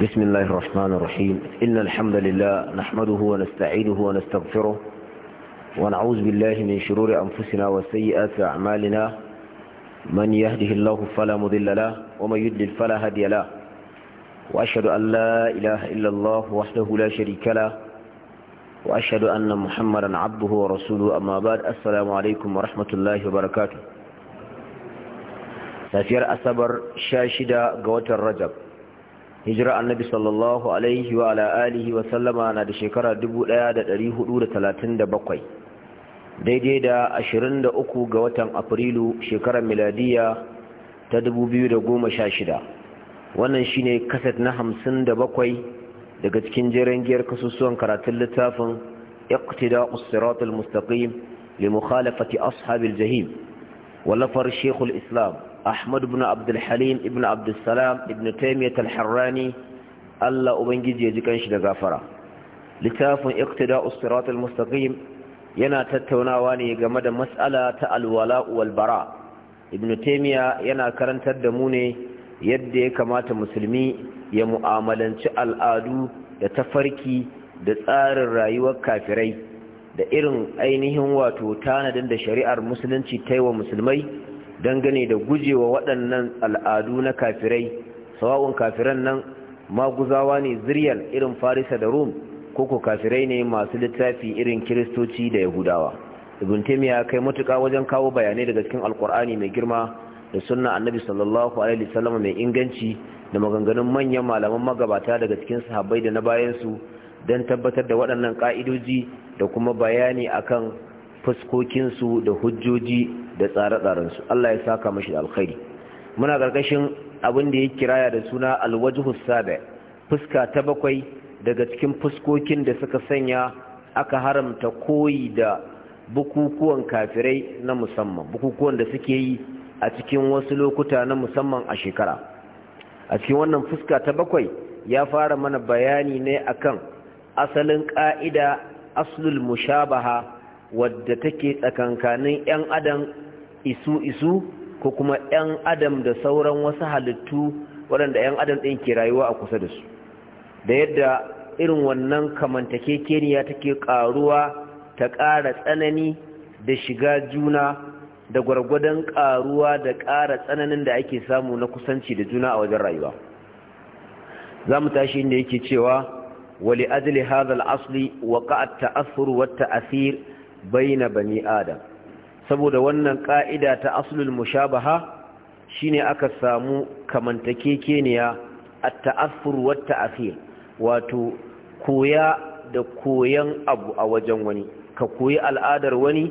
بسم الله الرحمن الرحيم إن الحمد لله نحمده ونستعينه ونستغفره ونعوذ بالله من شرور أنفسنا وسيئات أعمالنا من يهده الله فلا مضل له ومن يضلل فلا هادي له وأشهد أن لا إله إلا الله وحده لا شريك له وأشهد أن محمدا عبده ورسوله أما بعد السلام عليكم ورحمة الله وبركاته سفير أصبر شاشدة قوة الرجب hijira annabi sallallahu alaihi wa ala alihi wa sallama na da shekara 1437 daidai da 23 ga watan afrilu shekarar miladiya ta 2016 wannan shine kaset na 57 daga cikin jeren giyar kasusuwan karatun littafin اقتداء الصراط li mukhalafati ashabil الجهيم walafar شيخ Islam. Ahmad ibn Abdul Halim ibn Abdul Salam ibn Taymiyyah al-Harrani Allah ubangiji ya ji kanshi da gafara littafin Iqtida'us Siratal Mustaqim yana tattaunawa ne game da matsala ta al-wala'u ibn Taymiyyah yana karantar da mu ne yadda ya kamata musulmi ya mu'amalanci al'adu da tafarki da tsarin rayuwar kafirai da irin ainihin wato tanadin da shari'ar musulunci ta yi wa musulmai dangane da gujewa waɗannan al'adu na kafirai sawa'un kafiran nan maguzawa ne ziryal irin farisa da rum ko ku kafirai ne masu littafi irin kiristoci da yahudawa ibn taymiya kai matuka wajen kawo bayanai daga cikin alkur'ani mai girma da sunna annabi sallallahu alaihi wasallam mai inganci da maganganun manyan malaman magabata daga cikin sahabbai da na bayansu don tabbatar da waɗannan ƙa'idoji da kuma bayani akan fuskokinsu da hujjoji da tsare-tsarensu Allah ya saka mashi da alkhairi muna ƙarƙashin abin da ya kiraya da suna alwajhus sabi fuska ta bakwai daga cikin fuskokin da suka sanya aka haramta koyi da bukukuwan kafirai na musamman bukukuwan da suke yi a cikin wasu lokuta na musamman a shekara a cikin wannan fuska ta bakwai ya fara mana bayani ne akan asalin ƙa'ida aslul mushabaha wadda take tsakankanin 'yan adam isu-isu ko kuma 'yan adam da sauran wasu halittu waɗanda 'yan adam ɗin ke rayuwa a kusa da su da yadda irin wannan kamantakekeniya take ƙaruwa ta ƙara tsanani da shiga juna da gwargwadon ƙaruwa da ƙara tsananin da ake samu na kusanci da juna a wajen rayuwa za mu tashi inda yake cewa wali ajli hazal asli wa at ta'asir. tathir baina bani adam saboda wannan ƙa'ida ta aslul mushabaha shine aka samu kamantakekeniya at-ta'affur wa at wato koya da koyan abu a wajen wani ka koyi al'adar wani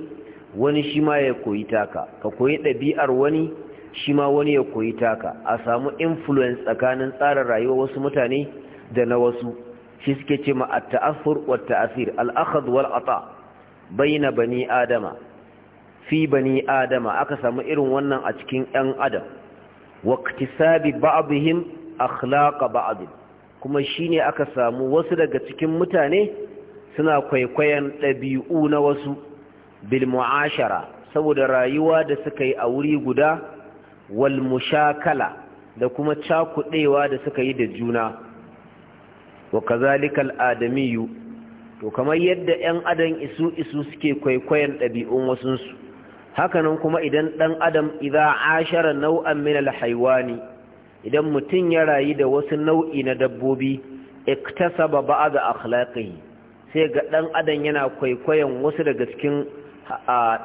wani shi ma ya koyi taka ka koyi ɗabi'ar wani shi ma wani ya koyi taka a samu influence tsakanin tsarin rayuwa wasu mutane da na wasu shi suke ce ma at-ta'affur wa at al wal ata' baina bani adama fi bani adama aka samu irin wannan a cikin ‘yan adam wa ktisabi ba'abihim akhlaqa ba'abin kuma shine aka samu wasu daga cikin mutane suna kwaikwayon ɗabi'u na wasu bil mu'ashara saboda rayuwa da suka yi a wuri guda wal mushakala da kuma cakuɗewa da suka yi da juna wa kazalikal adamiyu to kamar yadda 'yan adam isu isu suke kwaikwayon ɗabi'un wasunsu hakanan kuma idan ɗan adam idan ashara nau'an min alhaiwani idan mutum ya rayu da wasu nau'i na dabbobi iktasaba ga akhlaƙi, sai ga ɗan adam yana kwaikwayon wasu daga cikin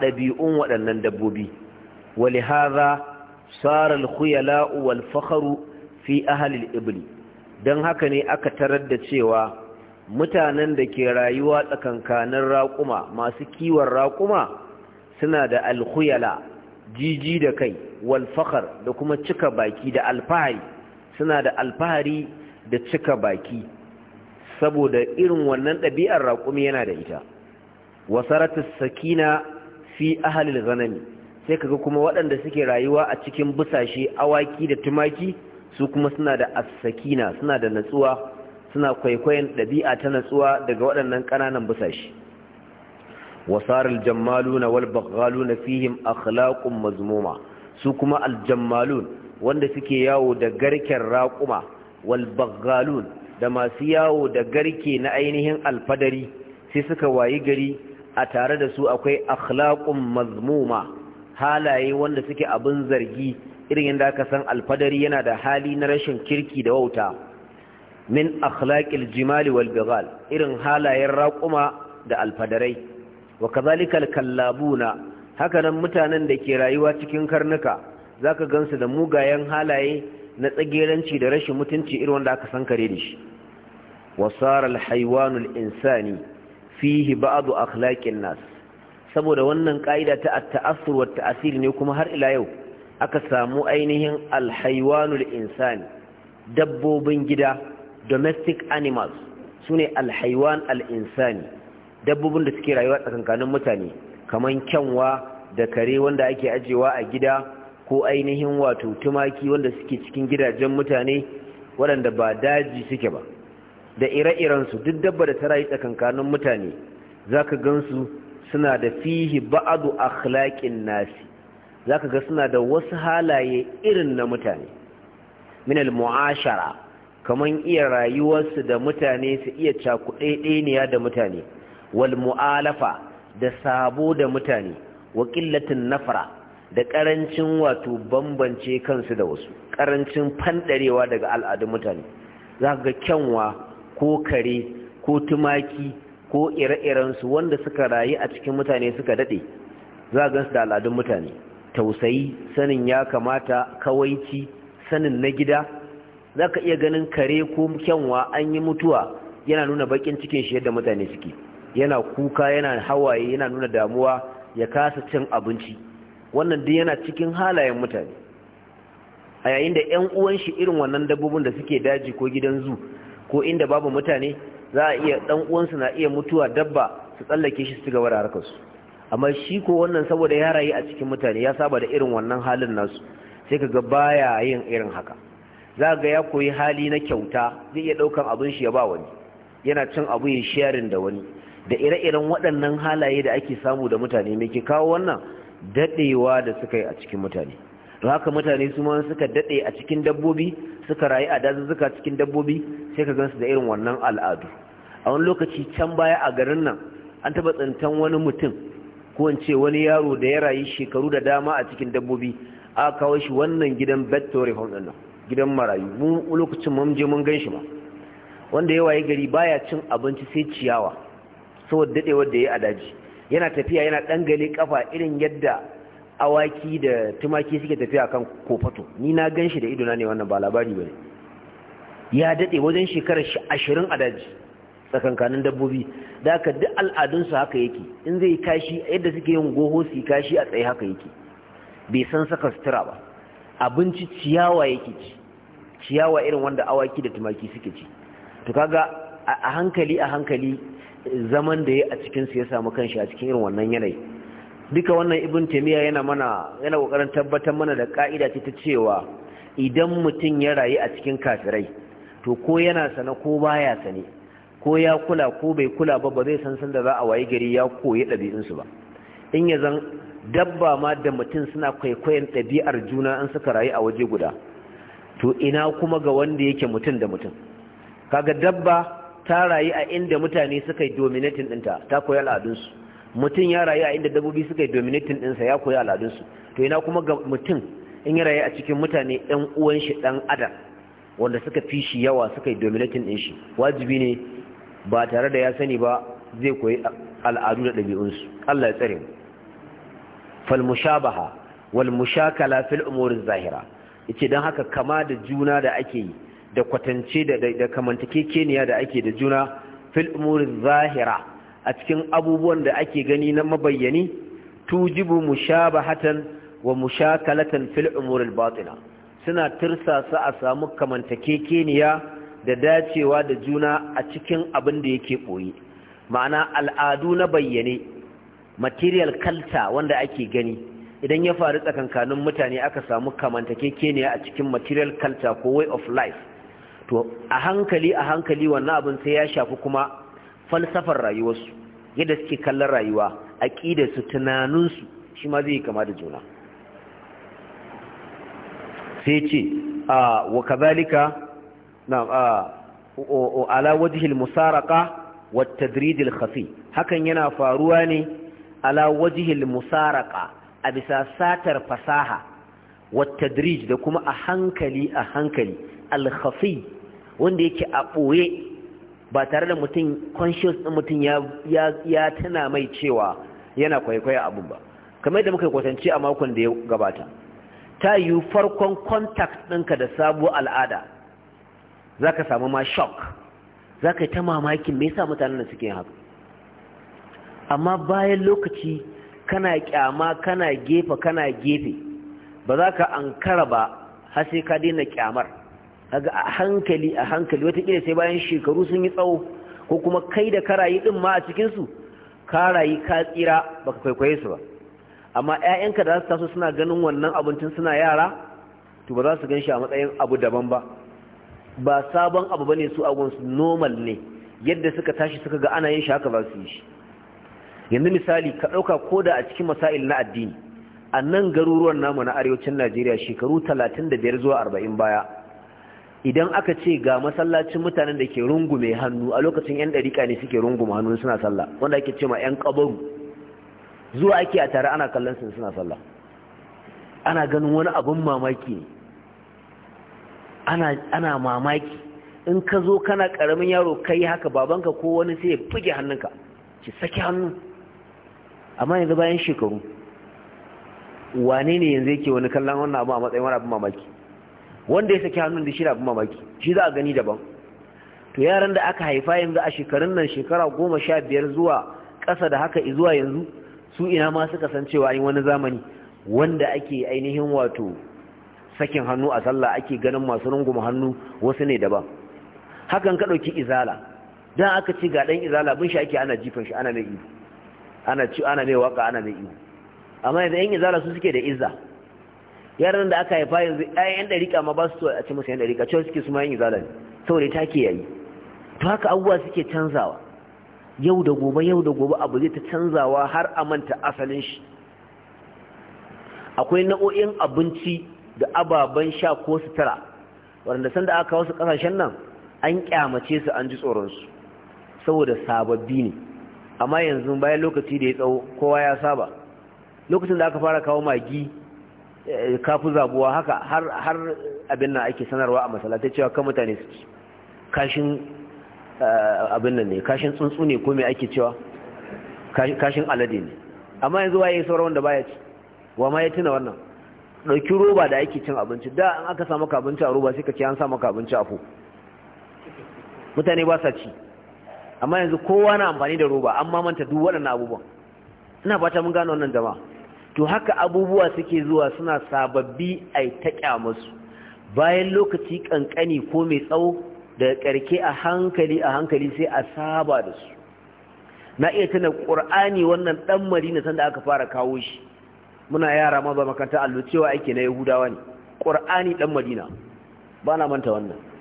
ɗabi'un waɗannan dabbobi tsarar صار الخيلاء fakharu fi ahalil ibri, don haka ne aka tarar da cewa mutanen da ke rayuwa tsakankanin raƙuma masu kiwon raƙuma suna da alkhuyala jiji da kai walfakar da kuma cika baki da alfahari suna da alfahari da cika baki saboda irin wannan ɗabi'ar raƙumi yana da ita wasaratu sakina fi ahalil ghanami sai kaga kuma waɗanda suke rayuwa a cikin busashe awaki da tumaki su kuma suna da as-sakina suna da natsuwa suna kwaikwayon ɗabi'a ta natsuwa daga waɗannan ƙananan busashi wasar aljammaluna wal na fihim akhlaqun mazmuma su kuma aljammalun wanda suke yawo da garken raƙuma wal baghalun da masu yawo da garke na ainihin alfadari sai suka wayi gari a tare da su akwai akhlaqun mazmuma halaye wanda suke abin zargi irin yadda aka san alfadari yana da hali na rashin kirki da wauta min akhlaqil jimali wal bigal irin halayen raƙuma da alfadarai wa kazalikal kallabuna hakanan mutanen da ke rayuwa cikin karnuka zaka gansu da mugayen halaye na tsageranci da rashin mutunci irin wanda aka san kare da shi wa sara insani fihi ba'd akhlaqin nas saboda wannan ka'ida ta at-ta'assur tasir ne kuma har ila yau aka samu ainihin al insani dabbobin gida domestic animals su ne alhaiwan al'insani dabbobin da suke rayuwa tsakankanin mutane kamar kyanwa da kare wanda ake ajewa a gida ko ainihin wato tumaki wanda suke cikin gidajen mutane waɗanda ba daji suke ba da ire-irensu duk dabba da ta rayu tsakankanin mutane za ka gansu suna da fihi ba'adu akhlaqin nasi za ka ga suna da wasu halaye irin na mutane Minal muashara kaman iya rayuwarsu da mutane su iya cakuɗeɗeniya da mutane wal mu'alafa da sabo da mutane wa ƙillatin nafara da ƙarancin wato bambance kansu da wasu ƙarancin fanɗarewa daga al'adun mutane za ga kyanwa ko kare ko tumaki ko ire-irensu wanda suka rayu a cikin mutane suka daɗe za gansu da al'adun mutane tausayi sanin ya kamata kawaici sanin na gida za ka iya ganin kare ko kyanwa an yi mutuwa yana nuna bakin cikin shi yadda mutane suke yana kuka yana hawaye yana nuna damuwa ya kasa cin abinci wannan duk yana cikin halayen mutane a yayin da 'yan uwan shi irin wannan dabbobin da suke daji ko gidan zu ko inda babu mutane za a iya dan uwansu na iya mutuwa dabba su tsallake shi su gaba harkar su amma shi ko wannan saboda ya rayu a cikin mutane ya saba da irin wannan halin nasu sai kaga baya yin irin haka za ga ya koyi hali na kyauta zai iya ɗaukan abin shi ya ba wani yana cin abu ya sharing da wani da ire-iren waɗannan halaye da ake samu da mutane mai ke kawo wannan daɗewa da suka yi a cikin mutane don haka mutane su ma suka daɗe a cikin dabbobi suka rayu a dazuzzuka cikin dabbobi sai ka gansu da irin wannan al'adu a wani lokaci can baya a garin nan an taɓa tsantan wani mutum ko in wani yaro da ya rayu shekaru da dama a cikin dabbobi aka kawo shi wannan gidan vettori home nan gidan marayu mu lokacin mun je mun gan shi ba wanda ya waye gari baya cin abinci sai ciyawa saboda dadewar da ya a daji yana tafiya yana dangale kafa irin yadda awaki da tumaki suke tafiya kan kofato ni na gan shi da idona ne wannan ba labari bane ya dade wajen shekarar shi ashirin a daji tsakankanin dabbobi da ka duk al'adunsu haka yake in zai yi kashi yadda suke yin goho su kashi a tsaye haka yake bai san saka sutura ba abinci ciyawa yake ci ciyawa irin wanda awaki da tumaki suke ci to kaga a hankali a hankali zaman da ya a cikin su ya samu kanshi a cikin irin wannan yanayi duka wannan ibn taymiya yana mana yana kokarin tabbatar mana da ka'ida ce ta cewa idan mutum ya rayu a cikin kafirai to ko yana sane ko baya sane ko ya kula ko bai kula ba ba zai san san da za a wayi gari ya koyi ɗabi'unsu ba in ya zan dabba ma da mutum suna kwaikwayon ɗabi'ar juna an suka rayu a waje guda to ina kuma ga wanda yake mutum da mutum kaga dabba ta rayu a inda mutane suka yi dominating ɗinta ta koyi al'adunsu mutum ya rayu a inda dabbobi suka yi dominating ɗinsa ya koyi al'adunsu to ina kuma ga mutum in ya rayu a cikin mutane ɗan uwan shi ɗan adam wanda suka fi shi yawa suka yi dominating ɗin shi wajibi ne ba tare da ya sani ba zai koyi al'adu da ɗabi'unsu Allah ya tsare mu fal mushabaha wal mushakala fil umuri zahira yake don haka kama da juna da ake yi da kwatance da kamantakekeniya da ake da juna fil umurin zahira a cikin abubuwan da ake gani na mabayyani tujibu mushabahatan wa mushakalatan fil umurin batina suna tirsasa a samu kamantakekeniya da dacewa da juna a cikin abin da yake ɓoyi ma'ana al'adu na bayyane material culture wanda ake gani idan ya faru tsakankanin mutane aka samu kamantakekeniya a cikin material culture ko way of life to a hankali a hankali wannan abin sai ya shafi kuma falsafar rayuwarsu yadda suke kallon rayuwa a ƙidarsu tunaninsu shi ma zai kama da juna sai ce wa kazalika na ala wajihil musaraka wat tadrijil khafi hakan yana faruwa ne ala wajihil musaraƙa. a bisa satar fasaha wattadrij da kuma a hankali a hankali alhafi wanda yake a ɓoye ba tare da mutum conscious ɗin mutum ya tana mai cewa yana kwaikwaya abin ba kamar da muka kwatance a makon da ya gabata ta yi farkon contact ɗinka da sabuwar al'ada za ka samu ma shock za ka yi ta mamakin me yasa mutanen da suke haka amma bayan lokaci kana kyama kana gefe kana gefe ba za ka ankara ba har sai ka daina kyamar kaga a hankali a hankali watakila sai bayan shekaru sun yi tsawo ko kuma kai da karayi din ma a cikinsu ka rayu ka tsira baka kwaikwaye su ba amma 'ya'yanka da za su taso suna ganin wannan abincin suna yara to ba za su gan a matsayin abu daban ba ba sabon abu bane su agunsu normal ne yadda suka tashi suka ga ana yin shi haka ba su yi shi yanzu misali ka ɗauka ko da a cikin masail na addini a nan garuruwan namu na arewacin najeriya shekaru talatin da biyar zuwa arba'in baya idan aka ce ga masallacin mutanen da ke rungume hannu a lokacin yan ɗariƙa ne suke rungume hannu suna sallah wanda ake ce ma yan ƙabaru zuwa ake a tare ana kallon su suna sallah ana ganin wani abin mamaki ne ana mamaki in ka zo kana ƙaramin yaro kai haka babanka ko wani sai ya buge hannunka ki saki hannu amma yanzu bayan shekaru wane ne yanzu yake wani kallon wannan abu a matsayin wani abin mamaki wanda ya saki hannun da shi abin mamaki shi za a gani daban to yaran da aka haifa yanzu a shekarun nan shekara goma sha biyar zuwa ƙasa da haka zuwa yanzu su ina ma suka san cewa wani zamani wanda ake ainihin wato sakin hannu a sallah ake ganin masu runguma hannu wasu ne daban hakan ka ɗauki izala dan aka ci ga ɗan izala bin shi ake ana jifan shi ana mai ido ana ci ana mai waka ana mai iyo amma yanzu yan izala su suke da izza yaran da aka haifa yanzu yan dariƙa ma ba su a ci musu yan dariƙa cewa suke su ma yan izala ne saboda take yayi to haka abubuwa suke canzawa yau da gobe yau da gobe abu zai ta canzawa har a manta asalin shi akwai nau'o'in abinci da ababen sha ko sutura waɗanda sanda aka kawo su ƙasashen nan an kyamace su an ji tsoron su saboda sababbi ne amma yanzu bayan lokaci da ya tsawo kowa ya saba lokacin da aka fara kawo magi eh, kafu zabuwa haka har abin nan ake sanarwa a masallatai cewa kan mutane su kashin eh, abin nan ne kashin tsuntsu ne ko me ake cewa kashin alade ne amma yanzu waye saura wanda baya ci wa ma ya tuna wannan dauki roba da ake cin abinci da an aka samu abinci a roba sai ka ce an samu abinci a fo mutane ba sa ci amma yanzu kowa na amfani da roba amma mamanta duk waɗannan abubuwan ina fata mun gano wannan jama'a to haka abubuwa suke zuwa suna sababbi a ta kyamarsu bayan lokaci kankani ko mai tsawo da karke a hankali a hankali sai a saba da su na iya tana ƙur'ani wannan ɗan madina sanda aka fara kawo shi muna yara ma ba makanta allo cewa ake na yahudawa ne ƙur'ani ɗan madina ba na manta wannan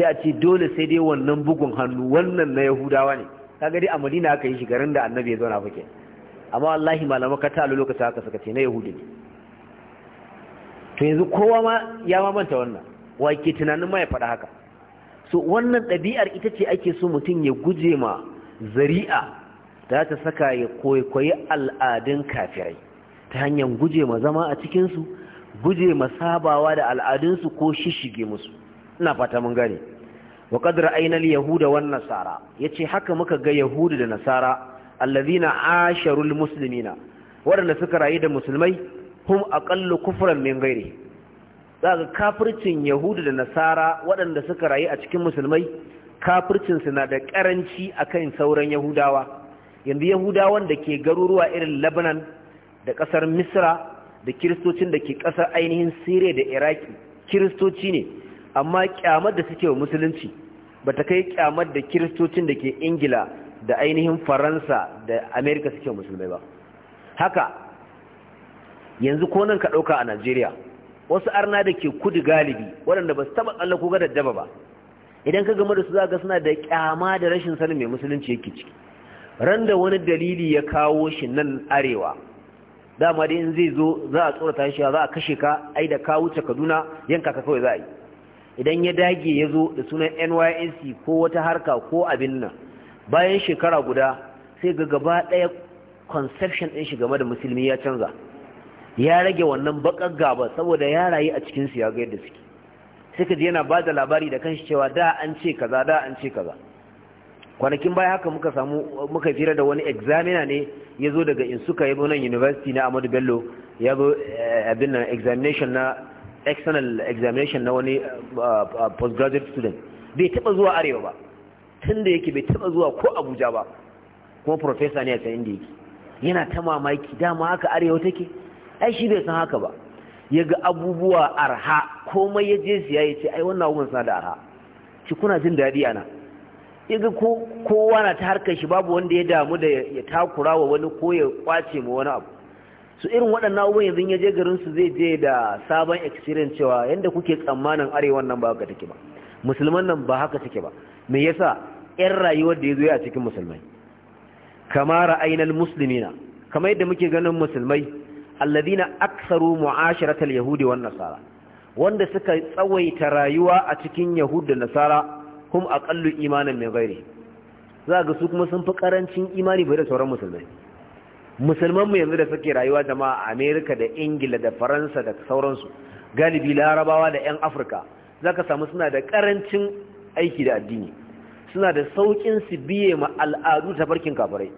sai a ce dole sai dai wannan bugun hannu wannan na yahudawa ne kaga dai a madina aka yi shigarin garin da annabi ya zauna fake amma wallahi malama ka ta lokacin haka suka ce na yahudi ne to yanzu kowa ma ya mamanta wannan wake tunanin ma ya faɗa haka so wannan ɗabi'ar ita ce ake so mutum ya guje ma zari'a da ta saka ya kwaikwayi al'adun kafirai ta hanyar guje ma zama a cikinsu guje ma sabawa da al'adunsu ko shishige musu ina fata mun gane wa qad ainihin yahuda wa nasara yace haka muka ga yahudu da nasara allazina asharul musulmina, waɗanda suka rayu da musulmai hum aƙallu kufuran min Za zaka kafircin yahudu da nasara waɗanda suka rayu a cikin musulmai kafircinsu na da ƙaranci a kan sauran yahudawa yanzu yahudawan da ke garuruwa irin labanan da ƙasar Misra da kiristocin da ke ƙasar ainihin siriya da Iraki kiristoci ne amma kyamar da suke wa musulunci ba ta kai kyamar da kiristocin da ke ingila da ainihin faransa da amerika suke musulmai ba haka yanzu ko nan ka ɗauka a najeriya wasu arna da ke kudu galibi waɗanda ba su taɓa tsalla ko gadar daba ba idan ka gama da su za ga suna da kyama da rashin sanin mai musulunci yake ciki ran da wani dalili ya kawo shi nan arewa dama dai in zai zo za a tsorata shi za a kashe ka ai da ka wuce kaduna yanka ka kawai za a yi idan ya dage ya zo da sunan nysc ko wata harka ko abin nan bayan shekara guda sai ga gaba ɗaya conception ɗin shi game da musulmi ya canza ya rage wannan bakar gaba saboda ya rayu a cikinsu ya ga yadda suke ka ji yana ba da labari da kanshi cewa da an ce kaza da an ce kaza kwanakin baya haka muka samu muka jira da wani examiner ne ya zo daga insuka ya zo nan university na amadu bello ya zo eh, abin nan examination na external examination na wani uh, uh, postgraduate student bai taba zuwa arewa ba tun da yake bai taba zuwa ko abuja ba kuma professor ne a can inda yake yana ta mamaki dama haka arewa take ai shi bai san haka ba ya ga abubuwa arha komai ya je siya ya ce ai wannan abubuwan suna da arha shi kuna jin daɗi ana ya ga kowa na ta harkar shi babu wanda ya damu da ya takura wa wani ko ya kwace ma wani abu su irin waɗannan abubuwan yanzu ya je garin su zai je da sabon experience cewa yadda kuke tsammanin arewa nan ba haka take ba musulman nan ba haka take ba me yasa yan rayuwar da ya zo a cikin musulmai kama ra'ainal muslimina kama yadda muke ganin musulmai alladhina aktharu mu'asharatal yahudi wan nasara wanda suka tsawaita rayuwa a cikin yahud da nasara hum aqallu imanan min ghairi za ga su kuma sun fi karancin imani bai da sauran musulmai musulmanmu yanzu da suke rayuwa jama'a a amerika da ingila da faransa da sauransu galibi larabawa da 'yan afirka za ka samu suna da karancin aiki da addini suna da saukin su biye ma al'adu ta farkin kafirai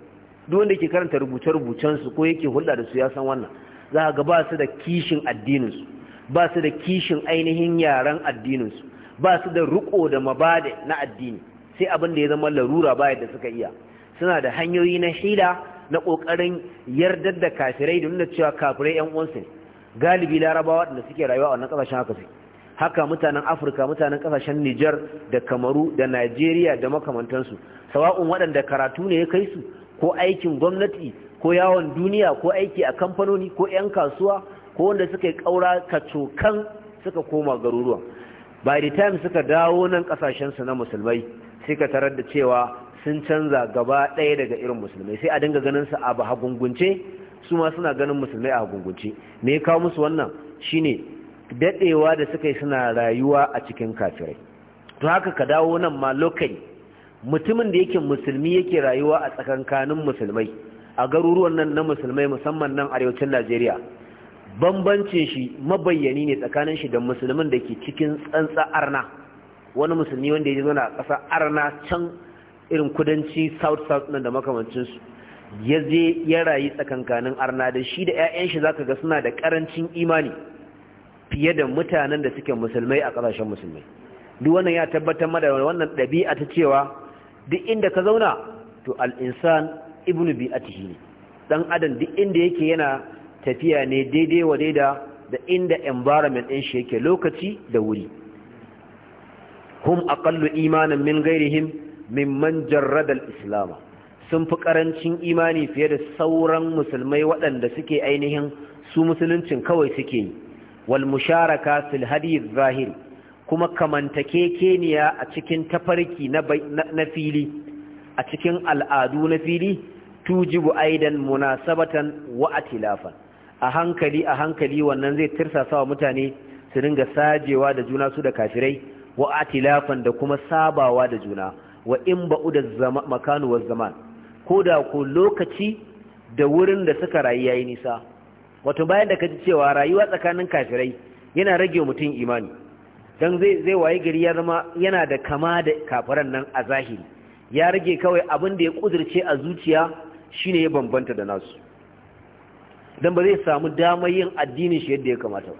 duk wanda ke karanta rubuce-rubucensu ko yake hulɗa da su ya san wannan za ga ba su da kishin addininsu ba su da kishin ainihin yaren addininsu ba su da riko da mabade na addini sai abin da ya zama larura ba yadda suka iya suna da hanyoyi na hila na ƙoƙarin yardar da kafirai da nuna cewa kafirai yan uwansu ne galibi larabawa da suke rayuwa a wannan ƙasashen haka su haka mutanen afirka mutanen ƙasashen Nijar da kamaru da Najeriya da makamantansu sawa'un waɗanda karatu ne ya kai su ko aikin gwamnati ko yawon duniya ko aiki a kamfanoni ko 'yan kasuwa ko wanda suka yi ƙaura kacokan suka koma garuruwan by the time suka dawo nan ƙasashensu na musulmai sai ka tarar da cewa sun canza gaba ɗaya daga irin musulmai sai a dinga ganin su a ba hagungunce su ma suna ganin musulmai a hagungunce me ya kawo musu wannan shine daɗewa da suka yi suna rayuwa a cikin kafirai to haka ka dawo nan ma lokai mutumin da yake musulmi yake rayuwa a tsakankanin musulmai a garuruwan nan na musulmai musamman nan arewacin Najeriya bambancin shi mabayyani ne tsakanin shi da musulmin da ke cikin tsantsa arna wani musulmi wanda ya zo na ƙasa arna can irin kudanci south south nan da makamancinsu ya je ya rayu tsakankanin arna da shi da 'ya'yan shi zaka ga suna da karancin imani fiye da mutanen da suke musulmai a ƙasashen musulmai duk wannan ya tabbatar mada wannan ɗabi'a ta cewa duk inda ka zauna to al'insan ibnu bi'atihi ne dan adam duk inda yake yana tafiya ne daidai wa daida da inda environment ɗin shi yake lokaci da wuri hum aqallu imanan min ghairihim mimman jarradar islama sun fi ƙarancin imani fiye da sauran musulmai waɗanda suke ainihin su musuluncin kawai suke yi wal musharaka fil zahir kuma kamantakekeniya a cikin tafarki na fili a cikin al'adu na fili tujibu aidan munasabatan wa atilafan a hankali a hankali wannan zai tirsasa wa mutane su dinga sajewa da juna su da kafirai wa atilafan da kuma sabawa da juna wa in ba'u da makanu wa zaman ko da ko lokaci da wurin da suka rayu yayi nisa wato bayan da kaji cewa rayuwa tsakanin kafirai yana rage mutum imani dan zai zai waye gari ya zama yana da kama da kafiran nan a zahiri ya rage kawai abin da ya kudirce a zuciya shine ya bambanta da nasu dan ba zai samu damar yin addinin shi yadda ya kamata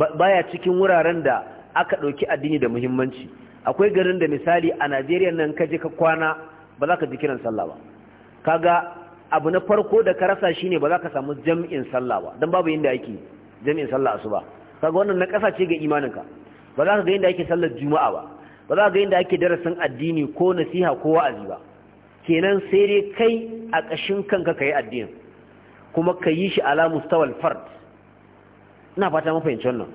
ba baya cikin wuraren da aka dauki addini da muhimmanci akwai garin da misali a najeriya nan ka je ka kwana ba za ka ji kiran sallah ba kaga abu na farko da ka rasa shine ba za ka samu jam'in sallah ba don babu yadda ake jam'in sallah asuba kaga wannan na kasa ce ga imaninka ba za ka ga yadda ake sallar juma'a ba ba za ka ga yadda ake darasin addini ko nasiha ko wa'azi ba kenan sai dai kai a ƙashin kanka ka yi addinin kuma ka yi shi ala mustawal fard ina fata mafahimci wannan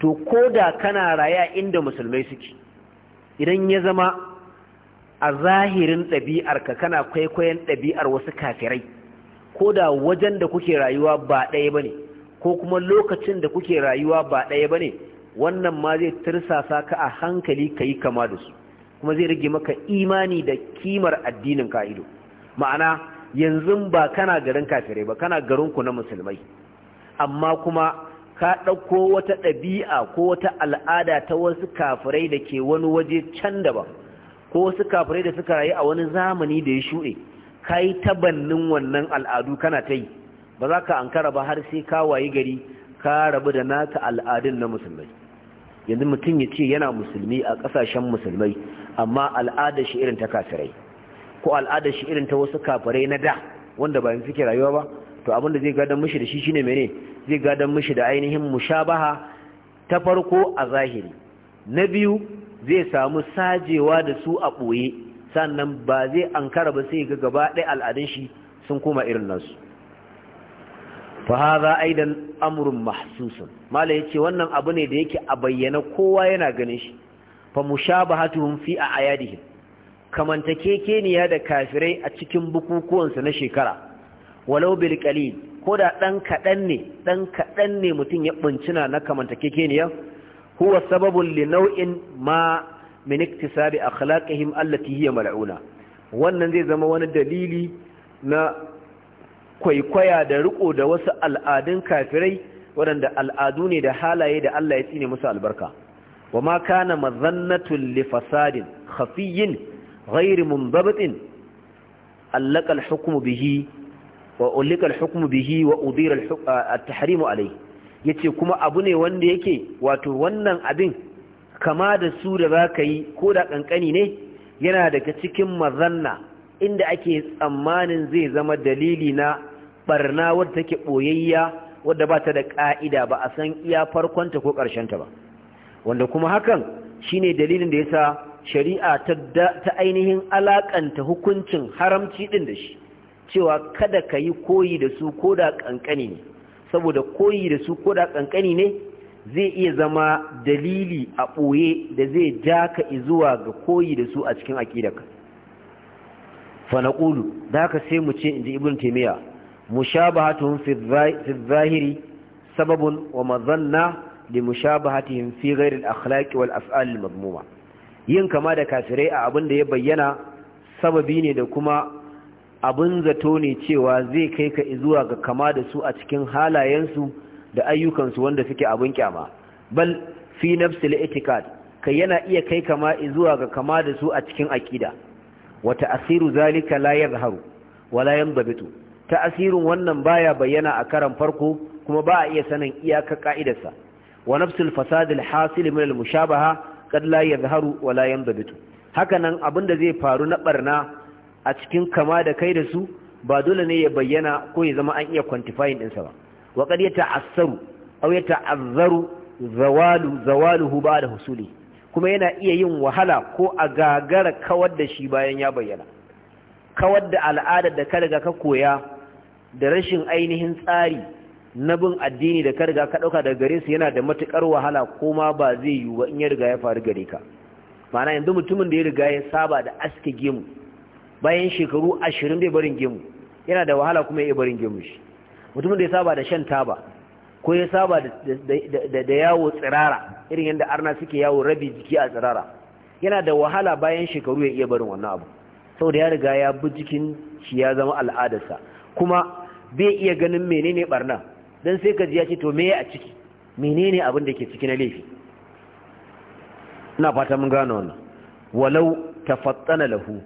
to ko da kana raye a inda musulmai suke idan ya zama a zahirin ɗabi'arka kana kwaikwayon ɗabi'ar wasu kafirai ko da wajen da kuke rayuwa ba ɗaya ba ne ko kuma lokacin da kuke rayuwa ba ɗaya ba ne wannan ma zai tirsasa ka a hankali ka yi kama da su kuma zai rage maka imani da kimar addinin ka'ido ma'ana yanzu ba kana garin kafirai ba kana garin ku na musulmai amma kuma ka ɗauko wata ɗabi'a ko wata al'ada ta wasu kafirai da ke wani waje can daban ko wasu kafirai da suka rayu a wani zamani da ya shuɗe ka yi tabannin wannan al'adu kana ta yi ba za ka ankara ba har sai ka wayi gari ka rabu da naka al'adun na musulmai yanzu mutum ya ce yana musulmi a ƙasashen musulmai amma al'adar shi irin ta kafirai ko al'adar shi irin ta wasu kafirai na da wanda ba yanzu suke rayuwa ba to abin da zai gada mishi da shi shine mene zai gadon mishi da ainihin mushabaha ta farko a zahiri na biyu zai samu sajewa da su a ɓoye sannan ba zai ankara ba sai ga gaba ɗaya al'adun shi sun kuma irin nasu fahaza aidan amurin mahsusun mala yace wannan abu ne da yake a bayyana kowa yana ganin shi fa mushabahatuhum fi a take kamantakekeniya da kafirai a cikin bukukuwan su na shekara walau bil qalil ko da ɗan kaɗan ne ɗan kaɗan ne mutum ya ɓuncina na kamanta kekeniyar huwa sababin li nau'in ma min iktisabi akhlaqihim allati hiya mal'una wannan zai zama wani dalili na kwaikwaya da riko da wasu al'adun kafirai waɗanda al'adu ne da halaye da Allah ya tsine musu albarka wa ma kana mazannatul li fasadin khafiyyin ghairu munbabatin allaka al-hukmu bihi wa ulika al bihi wa udira at-tahrimu alayhi yace kuma abu ne wanda yake wato wannan abin kama da su da zaka yi ko da kankani ne yana daga cikin mazanna inda ake tsammanin zai zama dalili na barna wadda take boyayya wadda ba ta da ka'ida ba a san iya farkonta ko ta ba wanda kuma hakan shine dalilin da yasa shari'a ta ainihin alakanta hukuncin haramci din da shi cewa kada ka yi koyi da su ko da ƙanƙani ne saboda koyi da su ko da ƙanƙani ne zai iya zama dalili a ɓoye da zai ja ka izuwa ga koyi da su a cikin aƙidaka fanaƙulu da haka sai mu ce inji ibn taimiyya mushabahatun fi zahiri sababun wa mazanna li mushabahatihim fi ghairi al-akhlaqi wal af'al al-madmuma yin kama da kafirai a abin da ya bayyana sababi ne da kuma abin zato ne cewa zai kai ka zuwa ga kama da su a cikin halayensu da ayyukansu wanda suke abin kyama bal fi nafsil itikad kai yana iya kai kama zuwa ga kama da su a cikin aqida wa ta'siru zalika la yadhharu wa la yanbabitu ta'sirun wannan baya bayyana a karan farko kuma ba a iya sanin iyaka ka'idarsa wa nafsul fasad al hasil min al mushabaha kad la yadhharu wa la yanbabitu hakanan abinda zai faru na barna a cikin kama da kai da su ba dole ne ya bayyana ko ya zama an iya quantifying ɗinsa ba wa qad yata'assaru aw yata'azzaru zawalu zawaluhu ba'da husuli kuma yana iya yin wahala ko a gagara kawar da shi bayan ya bayyana kawar da al'ada da ka riga ka koya da rashin ainihin tsari na bin addini da ka riga ka dauka daga gare su yana da matukar wahala kuma ba zai yiwu ba in ya riga ya faru gare ka ma'ana yanzu mutumin da ya riga ya saba da aske gemu bayan shekaru ashirin bai barin gemu yana da wahala kuma ya barin gemu shi mutumin da ya saba da shan taba ko ya saba da yawo tsirara irin yadda arna suke yawo rabi jiki a tsirara yana da wahala bayan shekaru ya iya barin wannan abu saboda ya riga ya bi jikin shi ya zama al'adarsa kuma bai iya ganin menene barna dan sai ka ji ya ce to me a ciki menene abin da ke ciki na laifi ina fata mun gane wannan walau ta tafattana lahu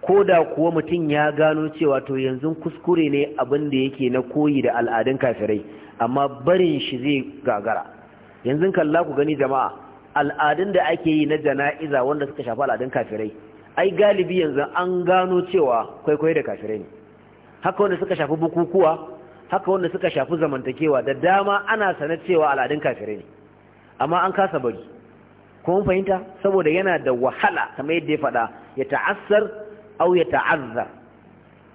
ko da kuwa mutum ya gano cewa to yanzu kuskure ne abin da yake na koyi da al'adun kafirai amma barin shi zai gagara yanzu kalla ku gani jama'a al'adun da ake yi na jana'iza wanda suka shafi al'adun kafirai ai galibi yanzu an gano cewa kwaikwayo da kafirai ne haka wanda suka shafi bukukuwa haka wanda suka shafi zamantakewa da dama ana sana cewa al'adun kafirai ne amma an kasa bari mun fahimta saboda yana da wahala kamar yadda ya faɗa ya ta'assar au ya ta'azzar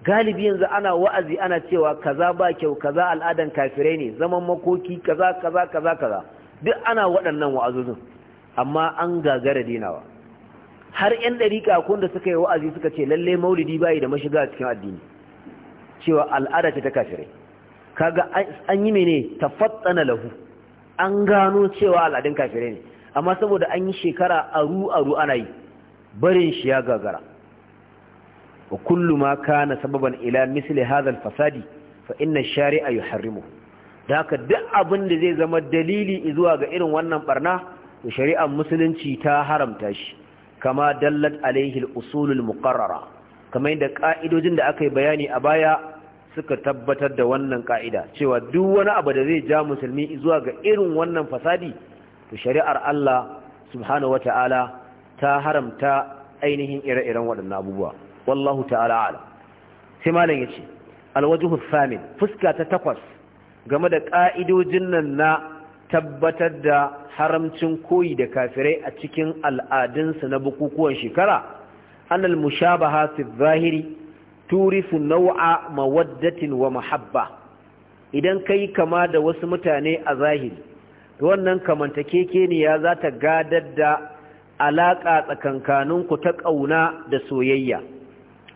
galibi yanzu ana wa'azi ana cewa kaza ba kyau kaza al'adan kafirai ne zaman makoki kaza kaza kaza kaza duk ana waɗannan wa'azuzun, amma an gagara dinawa har 'yan ɗariƙa kun da suka yi wa'azi suka ce lalle maulidi bai da mashiga cikin addini cewa al'ada ce ta kafirai kaga an yi mene tafattana lahu an gano cewa al'adun kafirai ne amma saboda an yi shekara aru aru ana yi barin shi ya gagara wa kullu ma kana sababan ila misli hadha fasadi fa inna sharia yuharrimu da duk abin da zai zama dalili zuwa ga irin wannan barna to shari'ar musulunci ta haramta shi kama dallat alaihi al-usul al-muqarrara kamar yadda ka'idojin da aka yi bayani a baya suka tabbatar da wannan ka'ida cewa duk wani abu da zai ja musulmi zuwa ga irin wannan fasadi to shari'ar Allah subhanahu wata'ala ta haramta ainihin ire-iren waɗannan abubuwa wallahu ta'ala ala sai malam yace alwajhu thamin fuska ta takwas game da ka'idojin nan na tabbatar da haramcin koyi da kafirai a cikin al'adun su na bukukuwan shekara annal mushabaha fi zahiri turisu nau'a mawaddatin wa mahabba idan kai kama da wasu mutane a zahiri wannan kamantakekeniya za ta gadar da alaƙa tsakankaninku ta ƙauna da soyayya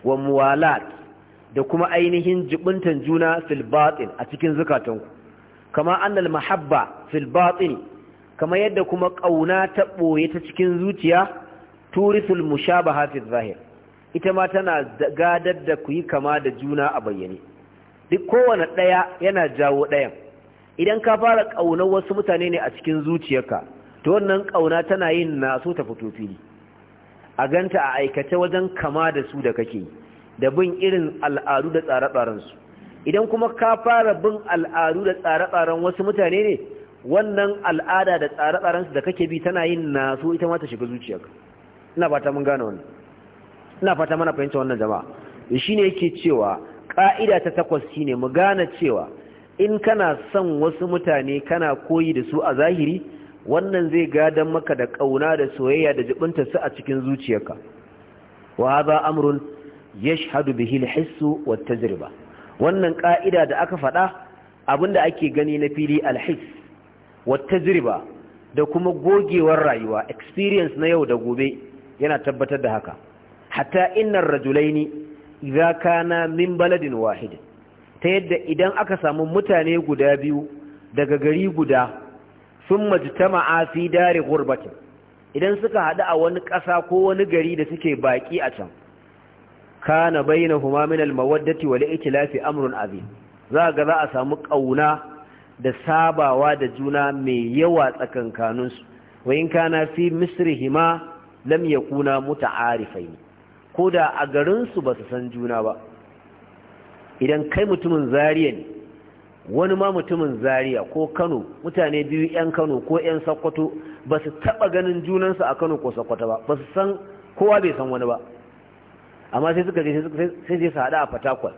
wa muwalat da kuma ainihin jibuntan juna fil batin a cikin zukatanku kama annal mahabba fil batin kama yadda kuma kauna ta boye ta cikin zuciya turisul mushabaha fil zahir ita ma tana gadar da ku yi kama da juna a bayyane duk kowane daya yana jawo dayan idan ka fara ƙaunar wasu mutane ne a cikin zuciyarka to wannan kauna tana yin naso ta fito fili a ganta a aikace wajen kama da su da kake da bin irin al'adu da tsare-tsarensu idan kuma ka fara bin al'adu da tsare-tsaren wasu mutane ne wannan al'ada da tsare-tsarensu da kake bi tana yin naso ita ma ta shiga zuciyarka ina fata mun gane wannan ina fata mana fahimta wannan jama'a shine yake cewa ka'ida ta takwas shine mu gane cewa in kana son wasu mutane kana koyi da su a zahiri wannan zai gadan maka da ƙauna da soyayya da jibinta su a cikin zuciyarka wa hadha amrun yashhadu bihi al Hissu, wa tajriba wannan ka'ida da aka faɗa abinda ake gani na fili al-hiss wa da kuma gogewar rayuwa experience na yau da gobe yana tabbatar da haka hatta innar rajulaini idza kana min baladin wahid ta yadda idan aka samu mutane guda biyu daga gari guda sun ta fi dare gurbatin idan suka haɗu a wani ƙasa ko wani gari da suke baƙi a can kana bainahuma min almawaddati wal ittilafi amurin abin za ga za a samu ƙauna da sabawa da juna mai yawa tsakankaninsu su wa in na fi hima lam ne. Ko da a garinsu ba su san juna ba idan kai mutumin zariya ne wani ma mutumin zaria ko kano mutane biyu 'yan kano ko 'yan sakkwato ba su taɓa ganin junansu a kano ko sakkwato ba ba su san kowa bai san wani ba amma sai suka sai sai su haɗa a fatakwal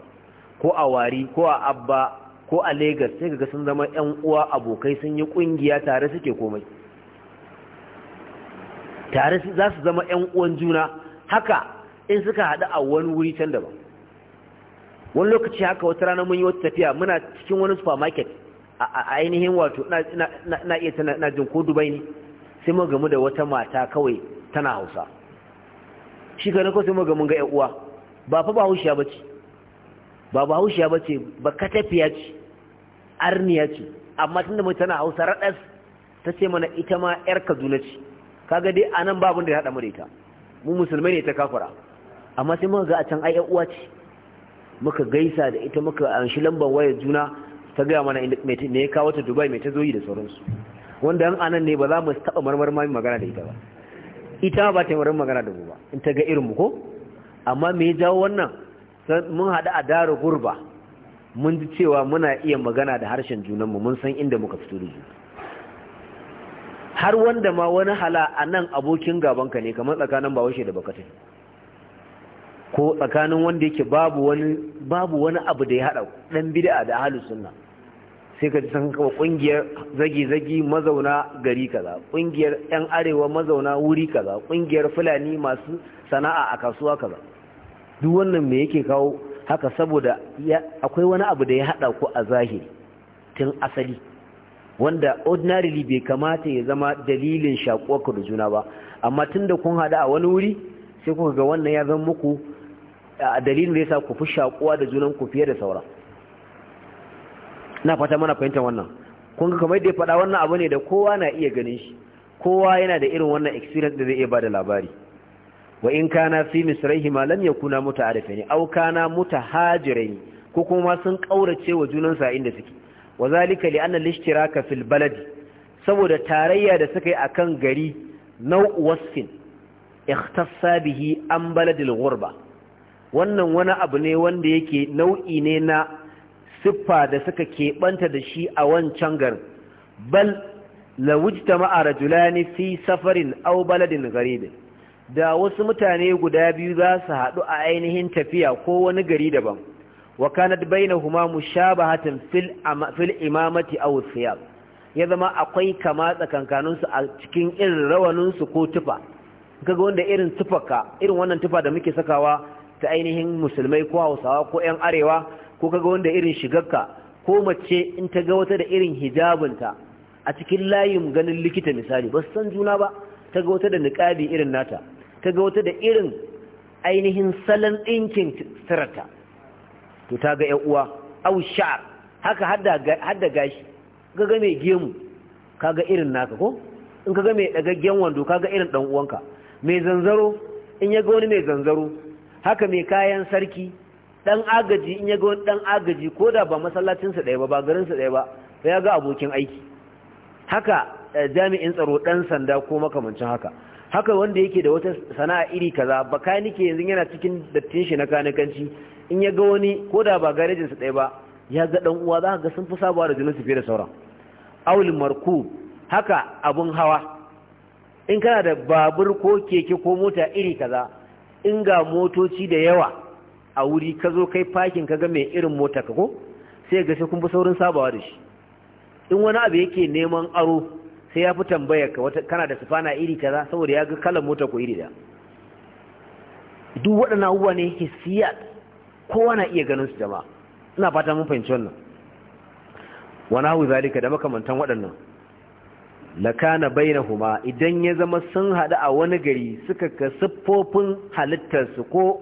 ko a wari ko a abba ko a Legas sai kaga sun zama 'yan uwa abokai sun yi ƙungiya tare suke komai tare za su zama 'yan uwan juna haka in suka haɗu a wani wuri can daban wani lokaci haka wata rana mun yi wata tafiya muna cikin wani supermarket a ainihin wato na iya na jin ko dubai ne sai mun gamu da wata mata kawai tana hausa shi ka nako sai mun gamu ga uwa ba fa ba haushiya ce ba ba haushiya ce ba tafiya ce arniya ce amma tun da mun tana hausa raɗas ta ce mana ita ma yar kaduna ce kaga dai anan babin da ya haɗa mu da ita mu musulmai ne ta kafura amma sai mun ga a can ai uwa ce muka gaisa da ita muka anshi lambar wayar juna ta gaya mana me ya kawo ta dubai mai ta zo yi da sauransu wanda yan anan ne ba za mu taɓa marmar ma magana da ita ba ita ba ta yi magana da mu ba in ta ga irin mu ko amma me ya jawo wannan mun haɗu a dara gurba mun ji cewa muna iya magana da harshen junanmu mun san inda muka fito da juna har wanda ma wani hala a nan abokin gabanka ne kamar tsakanin bawashe da bakatai ko tsakanin wanda yake babu wani babu wani abu da ya hada dan bid'a da ahli sunna sai ka ji san ka kungiyar zagi zagi mazauna gari kaza kungiyar yan arewa mazauna wuri kaza kungiyar fulani masu sana'a a kasuwa kaza duk wannan me yake kawo haka saboda akwai wani abu da ya hada ku a zahiri tun asali wanda ordinarily bai kamata ya zama dalilin shakuwar da juna ba amma tunda kun hada a wani wuri sai kuka ga wannan ya zama muku A dalilin da sa ku fi shakuwa da junan ku fiye da saura na fata mana fahimtar wannan kun ga kamar da ya faɗa wannan abu ne da kowa na iya ganin shi kowa yana da irin wannan experience da zai iya bada labari wa in kana fi misraihi ma lam yakuna muta'arifin aw kana mutahajirin ko kuma sun kaurace wa junan sa inda suke wa zalika li anna al-ishtiraka fil balad saboda tarayya da suka yi akan gari nau'u wasfin ikhtassa bihi an baladil ghurba wannan wani abu ne wanda yake nau'i ne na siffa da suka keɓanta da shi a wancan garin bal la lawujta rajulani fi safarin aw baladin garibin da wasu mutane guda biyu za su haɗu a ainihin tafiya ko wani gari daban wa kanat bainahuma mushabahatan fil fil imamati aw siyab ya zama akwai kama tsakankanin su a cikin irin rawanin su ko tufa kaga wanda irin tufaka irin wannan tufa da muke sakawa ta ainihin musulmai ko hausawa ko 'yan arewa ko kaga wanda irin shigarka ko mace in ta ga wata da irin hijabinta a cikin layin ganin likita misali ba san juna ba ta ga wata da niƙabi irin nata ta ga wata da irin ainihin salon ɗinkin sirata to ta ga 'yan uwa au sha'ar haka hadda gashi kaga mai gemu ka ga irin naka ko in ga mai ɗagaggen wando ga irin ɗan uwanka mai zanzaro in ya ga wani mai zanzaro haka mai kayan sarki dan agaji in ya wani dan agaji ko da ba masallacinsa ɗaya ba ba garinsa ɗaya ba sai ya ga abokin aiki haka eh, jami'in tsaro dan sanda ko makamancin haka haka wanda yake da wata sana'a iri kaza bakanike yanzu yana cikin dattin shi na kanikanci in ya ga wani ko da ba garejinsa ɗaya ba ya ga dan uwa za ka ga sun fi saba da junansu fiye da sauran aul marku haka abun hawa in kana da babur ko keke ko mota iri kaza in ga motoci da yawa a wuri ka zo kai fakin ka ga mai irin mota ka ko sai ga sai kun bi saurin sabawa da shi in wani abu yake neman aro sai ya fi tambayar ka wata kana da sufana iri kaza saboda ya ga kalan mota ko iri da duk waɗannan abubuwa ne hissiyat kowa na iya ganin su jama'a ina fata mun fahimci wannan wani hau zalika da makamantan waɗannan lakana huma idan ya zama sun haɗu a wani gari suka ka siffofin halittarsu ko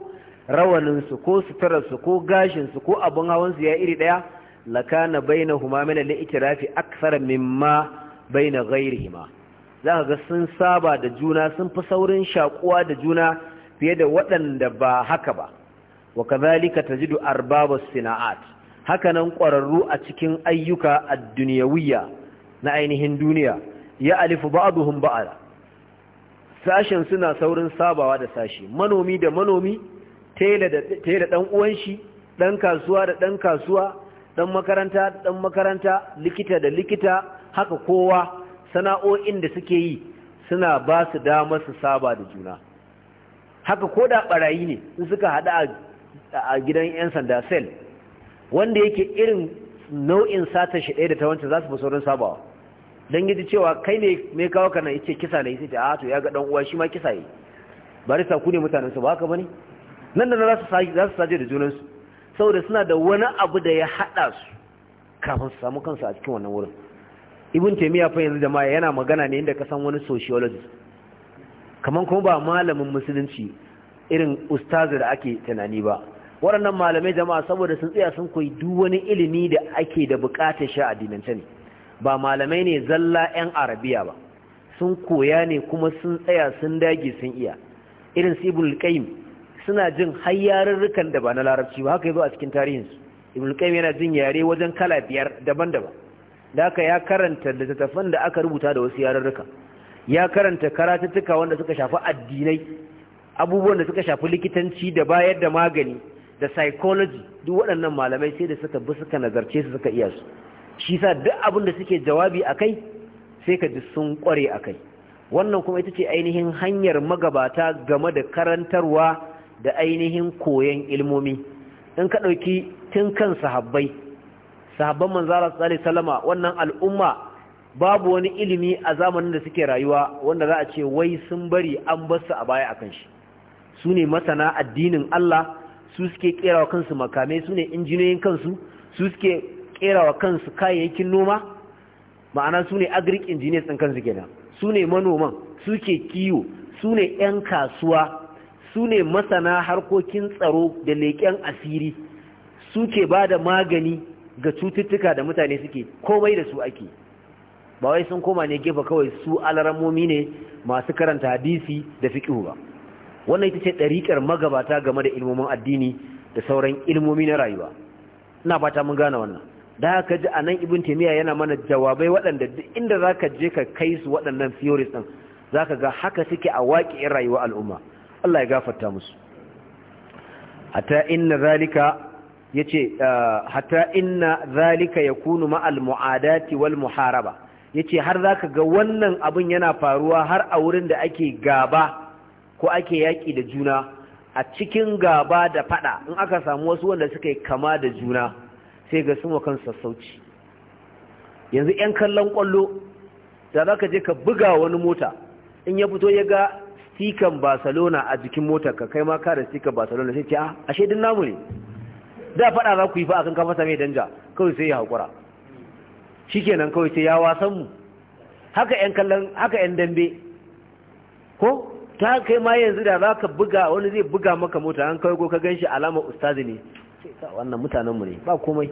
rawaninsu ko suturarsu ko gashinsu ko abin hawansu ya iri ɗaya lakana bainahuma min al-i'tirafi akthar mimma baina ghairihima za ka ga sun saba da juna sun fi saurin shakuwa da juna fiye da waɗanda ba haka ba wa kadhalika tajidu as-sina'at Haka nan ƙwararru a cikin ayyuka ad-dunyawiyya na ainihin duniya ya alifu ba'aduhum ba'ala sashen suna saurin sabawa da sashi manomi da manomi tela da tela dan uwan shi dan kasuwa da dan kasuwa dan makaranta da dan makaranta likita da likita haka kowa sana'o'in da suke yi suna ba su dama su saba da juna haka ko da barayi ne in suka hada a gidan yan sanda sel wanda yake irin nau'in sata shi ɗaya da ta wancan za su fi saurin sabawa dan yaji cewa kai ne mai kawo kana yace kisa ne sai a ah, to ya ga dan uwa shi ma kisa yi bari sa ku ne mutanen su ba haka bane nan da za su saji za su saje da junan su saboda suna da wani abu da ya haɗa su kafin su samu kansu a cikin wannan wurin ibn taymiya fa yanzu jama'a yana magana ne inda ka san wani sociologist kaman kuma ba malamin musulunci irin ustazi da ake tunani ba waɗannan malamai jama'a saboda sun tsaya sun koyi duk wani ilimi da ake da buƙatar sha addinance ne ba malamai ne zalla 'yan arabiya ba sun koya ne kuma sun tsaya sun dage sun iya irin su ibn qayyim suna jin har yarurrukan da ba na larabci ba haka yazo a cikin tarihinsu ibn qayyim yana jin yare wajen kala biyar daban-daban da haka ya karanta littattafan da aka rubuta da wasu yarurruka ya karanta karatuttuka wanda suka shafi addinai abubuwan da suka shafi likitanci da bayar da magani da psychology duk waɗannan malamai sai da suka bi suka nazarce su suka iya su shi sa duk abin da suke jawabi a kai sai ka ji sun kware a kai wannan kuma ita ce ainihin hanyar magabata game da karantarwa da ainihin koyon ilmomi in ka ɗauki tun kan sahabbai sahabban manzara tsari salama wannan al'umma babu wani ilimi a zamanin da suke rayuwa wanda za a ce wai sun bari an basu a baya akan shi su ne masana addinin Allah su suke kera kansu makamai su ne injiniyoyin kansu su suke kera wa kansu kayayyakin noma ma'ana su ne agric engineers ɗin kansu kenan su ne manoman ke kiwo su ne 'yan kasuwa su ne masana harkokin tsaro da leƙen asiri suke ba da magani ga cututtuka da mutane suke komai da su ake ba wai sun koma ne gefe kawai su alaramomi ne masu karanta hadisi da fiƙihu ba wannan ita ce ɗariƙar magabata game da ilmomin addini da sauran ilmomi na rayuwa ina fata mun gane wannan da ka ji a nan ibn taimiyya yana mana jawabai waɗanda duk inda za ka je ka kai su waɗannan theories ɗin za ka ga haka suke a waƙi'in rayuwa al'umma Allah ya gafarta musu hatta inna zalika yace eh, hatta inna zalika yakunu ma'al mu'adati wal muharaba yace har zaka ga wannan abin yana faruwa har a wurin da ake gaba ko ake yaƙi da juna a cikin gaba da faɗa, in aka samu wasu wanda suka yi kama da juna sai ga sun kan sassauci yanzu 'yan kallon kwallo da za ka je ka buga wani mota in ya fito ya ga stikan barcelona a jikin motar ka kai ma ka da stikan barcelona sai ce a ah, ashe din namu ne da faɗa za ku yi fa akan kafa same danja kawai sai ya haƙura shikenan kawai sai ya wasan mu haka 'yan kallon haka 'yan dambe ko ta kai ma yanzu da za ka buga wani zai buga maka mota an kawai ko ka gan shi alama ustazi ne ce ta wannan mutanenmu ne ba komai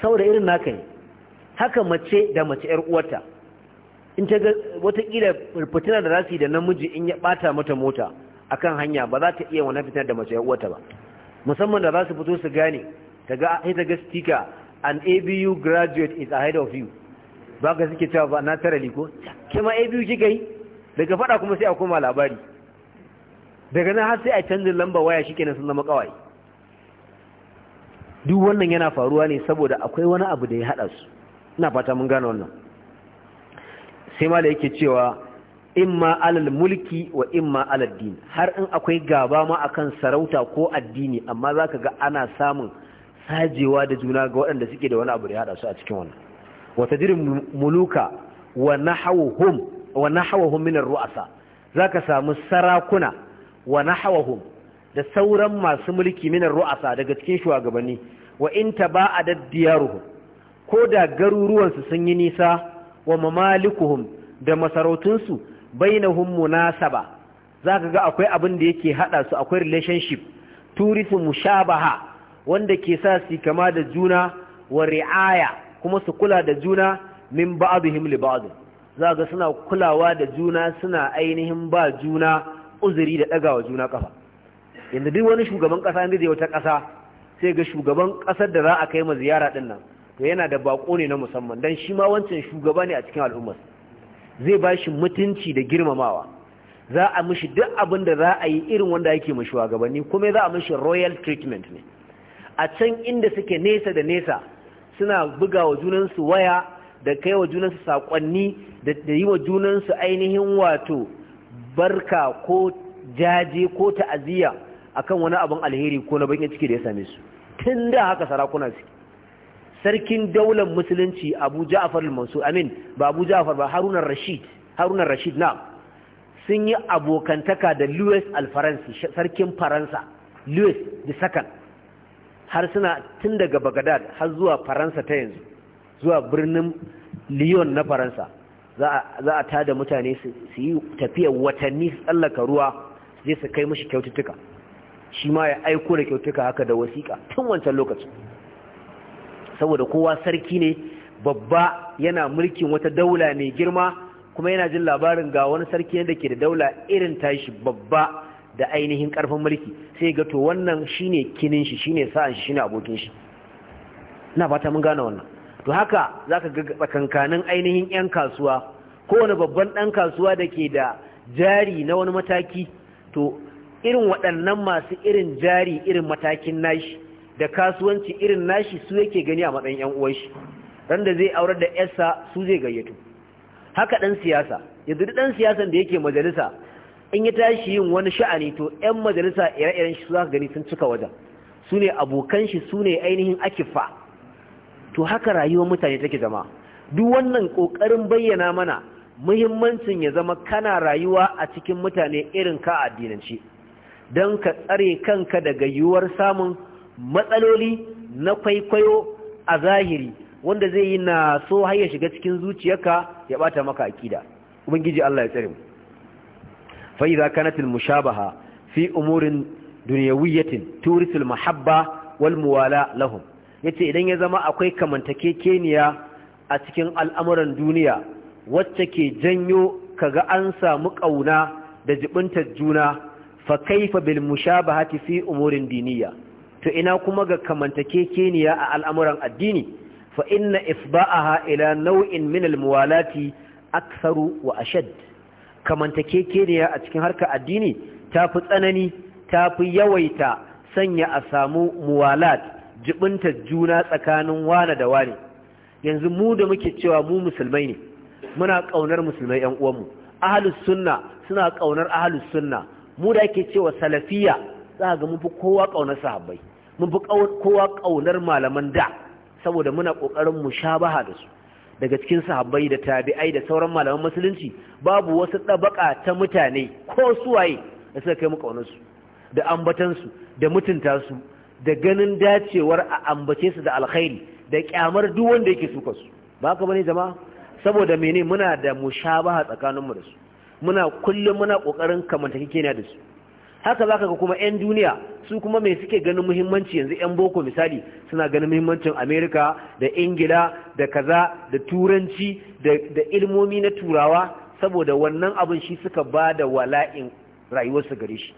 saboda irin naka ne haka mace da mace yar uwarta in ta ga watakila fitina da rasi da namiji in ya bata mata mota akan hanya ba za ta iya wani fitina da mace yar uwarta ba musamman da za su fito su gane ta ga sai ta ga sticker an abu graduate is ahead of you ba ka suke cewa ba na tara liko ke ma abu kika yi daga fada kuma sai a koma labari daga nan har sai a canjin lamba waya shikenan sun zama kawai duk wannan yana faruwa ne saboda akwai wani abu da ya haɗa su ina fata mun gane wannan sai ma da yake cewa imma alal mulki wa imma alal din har in akwai gaba ma akan sarauta ko addini amma za ka ga ana samun sajewa da juna ga waɗanda suke da wani abu da ya haɗa su a cikin wannan Wata jirin muluka wa nahawhum wa nahawhum min ar zaka samu sarakuna wa nahawhum da sauran masu mulki minar ru'asa daga cikin shugabanni wa in taba'adat diyaruhu ko da garuruwansu sun yi nisa wa mamalikuhum da masarautunsu bainahum munasaba zaka ga akwai abin da yake hada su akwai relationship turifu mushabaha wanda ke sa su kama da juna wa ri'aya kuma su kula da juna min ba'dihim li ba'd zaka ga suna kulawa da juna suna ainihin ba juna uzuri da dagawa juna kafa yanzu duk wani shugaban kasa inda zai wata kasa sai ga shugaban ƙasar da za a kai ma ziyara din nan to yana da bako ne na musamman dan shi ma wancan shugaba ne a cikin al'umma zai ba shi mutunci da girmamawa za a mishi duk abin da za a yi irin wanda yake ma shugabanni kuma za a mishi royal treatment ne a can inda suke nesa da nesa suna buga wa junansu waya da kai wa junansu sakonni da yi wa junansu ainihin wato barka ko jaje ko ta'aziyya akan wani abin alheri ko na bakin ciki da ya same su tun da haka sarakuna su sarkin daular musulunci abu ja'afar mansur amin ba abu ja'afar ba harunan rashid harunan rashid na sun yi abokantaka da louis alfaransi sarkin faransa louis the second har suna tun daga bagadad har zuwa faransa ta yanzu zuwa birnin lyon na faransa za a tada mutane su yi tafiya watanni su tsallaka ruwa zai su kai mashi kyaututtuka shi ma ya aiko da kyautuka haka da wasiƙa tun wancan lokacin saboda kowa sarki ne babba yana mulkin wata daula mai girma kuma yana jin labarin ga wani sarki yadda ke da daula irin tashi babba da ainihin karfin mulki sai ga to wannan shine kinin shi shine sa'an shi shine abokin shi ina fata mun gane wannan to haka za ka ga tsakankanin ainihin yan kasuwa kowane babban ɗan kasuwa da ke da jari na wani mataki to irin waɗannan masu irin jari irin matakin nashi da kasuwanci irin nashi su yake gani a matsayin yan uwanshi, shi ran da zai aurar da yarsa su zai gayyato haka dan siyasa yanzu duk dan siyasan da yake majalisa in ya tashi yin wani sha'ani to yan majalisa ire-iren shi su za gani sun cika wajen su ne abokan shi su ne ainihin akifa to haka rayuwar mutane take zama duk wannan kokarin bayyana mana muhimmancin ya zama kana rayuwa a cikin mutane irin ka addinance don ka tsare kanka daga yiwuwar samun matsaloli na kwaikwayo a zahiri wanda zai yi na so har ya shiga cikin zuciyarka ya bata maka akida ubangiji Allah ya tsare mu fa idza kanat al mushabaha fi umurin dunyawiyatin turisul mahabba wal muwala lahum ce idan ya zama akwai kamantakekeniya a cikin al'amuran duniya wacce ke janyo kaga an samu ƙauna da jibintar juna fa kaifa bil mushabahati fi umurin diniya to ina kuma ga kamantakekeniya a al'amuran addini fa inna isba'aha ila nau'in min al muwalati aktharu wa ashad kamantakekeniya a cikin harka addini tafi tsanani ta fi yawaita sanya a samu muwalat jibinta juna tsakanin wane da wane yanzu mu da muke cewa mu musulmai ne muna kaunar musulmai yan uwanmu ahlus sunna suna kaunar ahlus sunna mu da ake cewa salafiya za ga mun fi kowa kaunar sahabbai mun fi kowa kaunar malaman da saboda muna kokarin shabaha da su daga cikin sahabbai da tabi'ai da sauran malaman musulunci babu wasu ɗabaka ta mutane ko suwaye da suka kai mu su da ambatansu da mutunta su da ganin dacewar a ambace su da alkhairi da kyamar duk wanda yake suka su ba ka bane jama'a saboda mene muna da mushabaha tsakaninmu da su muna kullum muna kokarin ne da su haka zaka ga kuma yan duniya su kuma me suke ganin muhimmanci yanzu yan boko misali suna ganin muhimmancin America da Ingila da kaza da turanci da da ilmomi na turawa saboda wannan abin shi suka ba da wala'in rayuwarsu gare shi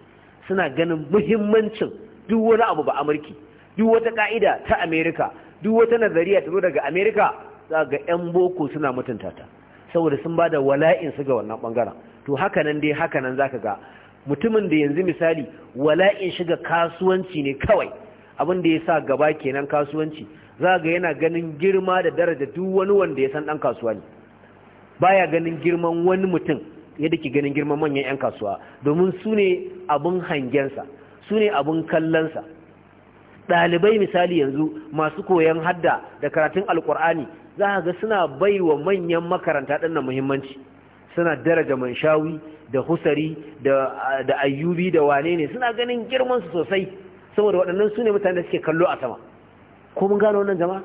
suna ganin muhimmancin duk wani abu ba amurki duk wata ka'ida ta Amerika duk wata nazariya ta zo daga America za ga yan boko suna mutunta ta saboda sun ba da wala'in su ga wannan bangaren to hakanan dai hakanan nan zaka ga mutumin da yanzu misali wala'in shiga kasuwanci ne kawai abin da ya sa gaba kenan kasuwanci za ga yana ganin girma da daraja duk wani wanda ya san dan kasuwa ne baya ganin girman wani mutum yadda ke ganin girman manyan 'yan kasuwa domin su ne abin hangensa su ne abin kallonsa ɗalibai misali yanzu masu koyon hadda da karatun alkur'ani za a ga suna bai wa manyan makaranta ɗin muhimmanci suna daraja manshawi da husari da ayyubi da wane ne suna ganin girmansu sosai saboda waɗannan su ne mutane da suke kallo a sama ko mun gano wannan jama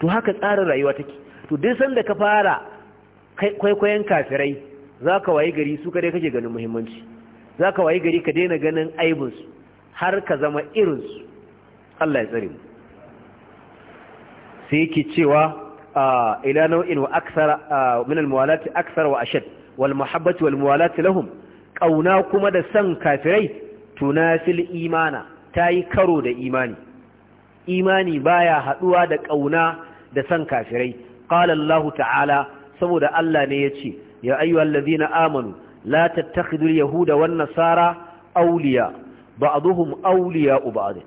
to haka tsarin rayuwa take to duk sanda ka fara kwaikwayon kafirai za ka wayi gari su kadai kake ganin muhimmanci za ka wayi gari ka daina ganin aibinsu har ka zama irinsu Allah ya tsare mu sai yake cewa ila nau'in wa aksar min almuwalati aksar wa ashad wal muhabbati wal muwalati lahum Ƙauna kuma da san kafirai tunasil imana tayi karo da imani imani baya haɗuwa da ƙauna da san kafirai qala allah ta'ala saboda allah ne yace ya ayyuhal ladina amanu la tattakhidul yahuda wan nasara awliya ba'dhum awliya ba'd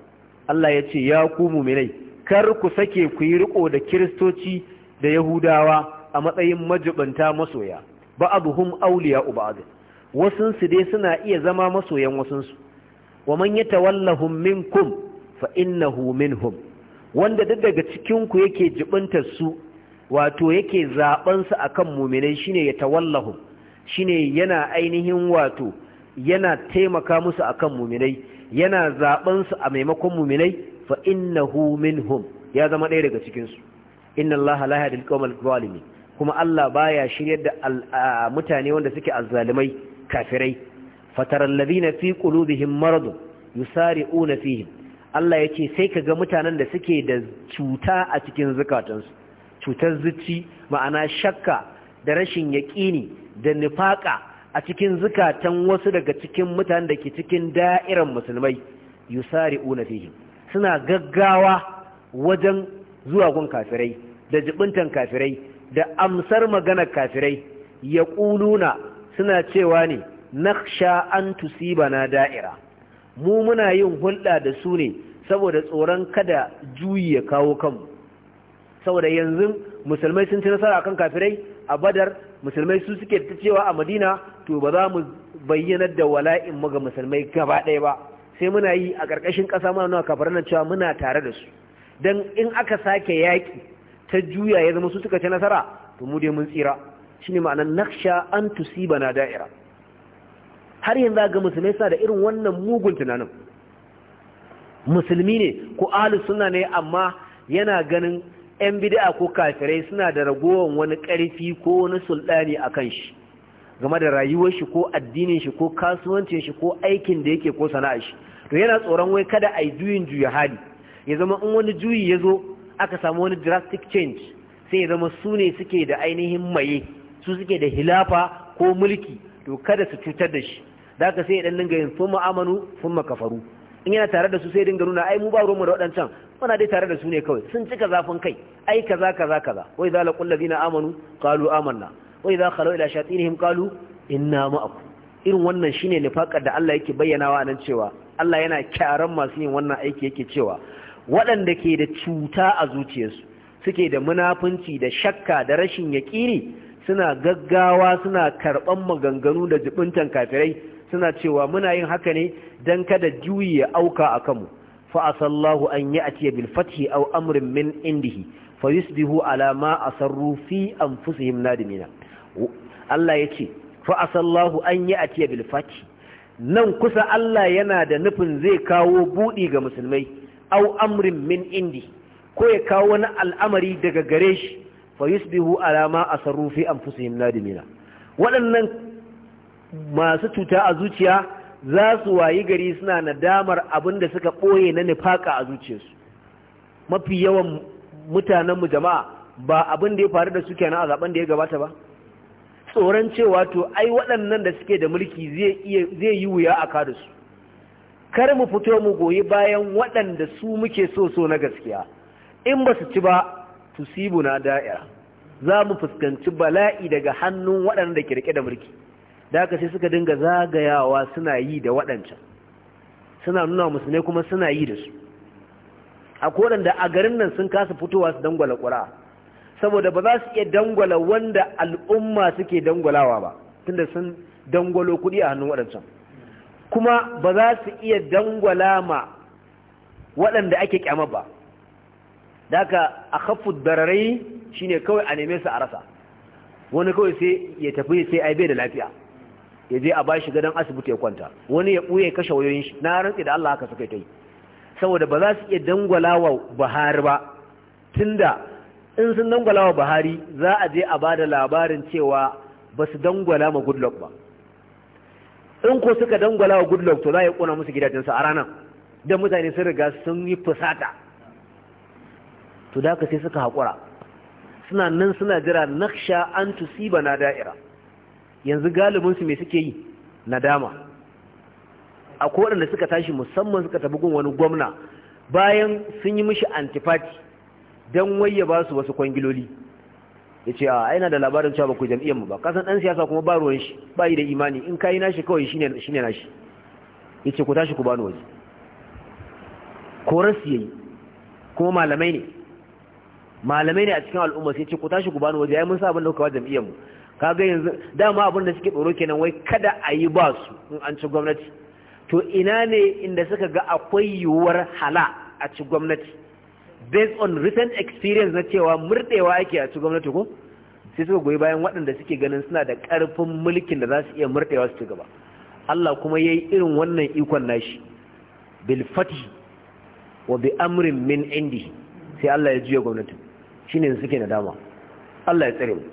Allah yace ya ku mu'minai kar ku sake ku yi riƙo da kiristoci da yahudawa a matsayin majibanta masoya ba'abuhum awliya'u auliya wasun su dai suna iya zama masoyan wasun su wa man yatawallahum minkum fa innahu minhum wanda duk daga cikin ku yake jibintar su wato yake zaben su akan mu'minai shine yatawallahum shine yana ainihin wato yana taimaka musu akan mu'minai yana zaben su a maimakon mu'minai fa innahu minhum ya zama ɗaya daga cikin su inna allaha la yahdi al-qawmal zalimin kuma Allah baya shiryar da mutane wanda suke azzalimai kafirai fataral ladina fi qulubihim marad yusari'una fihi Allah yace sai kaga mutanen da suke da cuta a cikin zukatansu cutar zuci ma'ana shakka da rashin yaqini da nifaka a cikin zukatan wasu daga cikin mutanen da ke cikin da'iran musulmai yusari'una fihi suna gaggawa wajen zuwa gun kafirai da jibintan kafirai da amsar maganar kafirai ya ƙuluna suna cewa ne na an na da'ira mu muna yin hulɗa da su ne saboda tsoron kada juyi ya kawo kanmu saboda yanzu musulmai sun ci nasara kan kafirai a badar musulmai su suke ta cewa a madina to ba za mu bayyanar da wala'in ga musulmai gaba ɗaya ba sai muna yi a ƙarƙashin ƙasa muna nuna kafirai cewa muna tare da su don in aka sake yaƙi ta juya ya zama su suka ci nasara to mu dai mun tsira shine ma'anar naksha an na da'ira har yanzu ga musulmai sa da irin wannan mugun tunanin musulmi ne ko ahlus suna ne amma yana ganin yan bid'a ko kafirai suna da ragowar wani karfi ko wani sultani akan shi game da rayuwar shi ko addinin shi ko kasuwancin shi ko aikin da yake ko sana'ar shi to yana tsoron wai kada a yi juyin juya hali ya zama in wani juyi ya zo aka samu wani drastic change sai ya zama su ne suke da ainihin maye su suke da hilafa ko mulki to kada su cutar da shi da ka sai ya dan ga yin sun amanu sun kafaru in yana tare da su sai dinga nuna ai mu ba ruwanmu da waɗancan muna dai tare da su ne kawai sun cika zafin kai ai kaza kaza kaza wai za laqul ladina amanu qalu amanna wai za khalu ila shatinihim qalu inna ma'akum irin wannan shine nifaqar da Allah yake bayyanawa nan cewa Allah yana kyaran masu yin wannan aiki yake cewa waɗanda ke da cuta a zuciyarsu suke da munafunci da shakka da rashin yaƙini suna gaggawa suna karɓan maganganu da jibintan kafirai suna cewa muna yin haka ne don kada juyi ya auka a kanmu fa'asallahu an yi a tiye bilfathi au amurin min indihi fa bihu alama a sarrufi an fusihim nadimina Allah ya ce fa'asallahu an yi a tiye bilfathi nan kusa Allah yana da nufin zai kawo buɗi ga musulmai au amrin min indi ko ya kawo wani al'amari daga gare shi fa yusbihu alama asarru fi anfusihim nadimina waɗannan masu cuta a zuciya za su wayi gari suna nadamar abin da suka ɓoye na nifaka a zuciyarsu mafi yawan mutanenmu jama'a ba abin da ya faru da su kenan a zaben da ya gabata ba tsoron cewa to ai waɗannan da suke da mulki zai yi wuya a kada su kar mu fito mu goyi bayan waɗanda su muke so so na gaskiya in ba su ci ba na da'ira za mu fuskanci bala'i daga hannun waɗanda ke da mulki da haka sai suka dinga zagayawa suna yi da waɗancan suna nuna musu ne kuma suna yi da su a da a garin nan sun kasa fitowa su dangwala ƙura saboda ba za su iya dangwala wanda al'umma suke dangwalawa ba tunda sun dangwalo kuɗi a hannun waɗancan kuma ba za su iya dangwala ma waɗanda ake kyama ba da aka a kafu dararai shine kawai a neme su a rasa wani kawai sai ya tafi sai yi bai da lafiya ya je a ba shi gadon asibiti ya kwanta wani ya ɓuye kashe wayoyin shi na rantsi da Allah haka suka yi saboda ba za su iya dangwala wa Buhari ba tunda in sun dangwala wa Buhari za a je a ba da labarin cewa ba su dangwala ma Goodluck ba in ko suka dangwala wa goodluck to za ya kona musu gidajensu a ranar don mutane sun riga sun yi fusata to da sai suka haƙura suna nan suna jira naksha an tusiba na da'ira yanzu galibinsu mai suke yi na dama a waɗanda suka tashi musamman suka tafi gun wani gwamna bayan sun yi mishi antifati don waye ba su wasu kwangiloli ya ce a yana da labarin cewa bakwai jam'iyyar mu ba kasan ɗan siyasa kuma ba ruwan shi ba yi da imani in kayi nashi kawai shi ne nashi ya ce ku tashi ku bani waje koransu ya yi kuma malamai ne malamai ne a cikin al'umma sai ce ku tashi ku bani waje ya yi mun sa abin da ba jam'iyyar mu kaga yanzu dama abin da suke tsoro kenan wai kada a yi ba su in an ci gwamnati to ina ne inda suka ga akwai yiwuwar hala a ci gwamnati based on recent experience na cewa murdewa ake a cikin gwamnati ko sai suka goyi bayan waɗanda suke ganin suna da ƙarfin mulkin da za su iya murdewa su ci gaba Allah kuma yayi irin wannan ikon nashi bil fathi wa bi amrin min indi sai Allah ya juya gwamnati shine suke nadama Allah ya tsare mu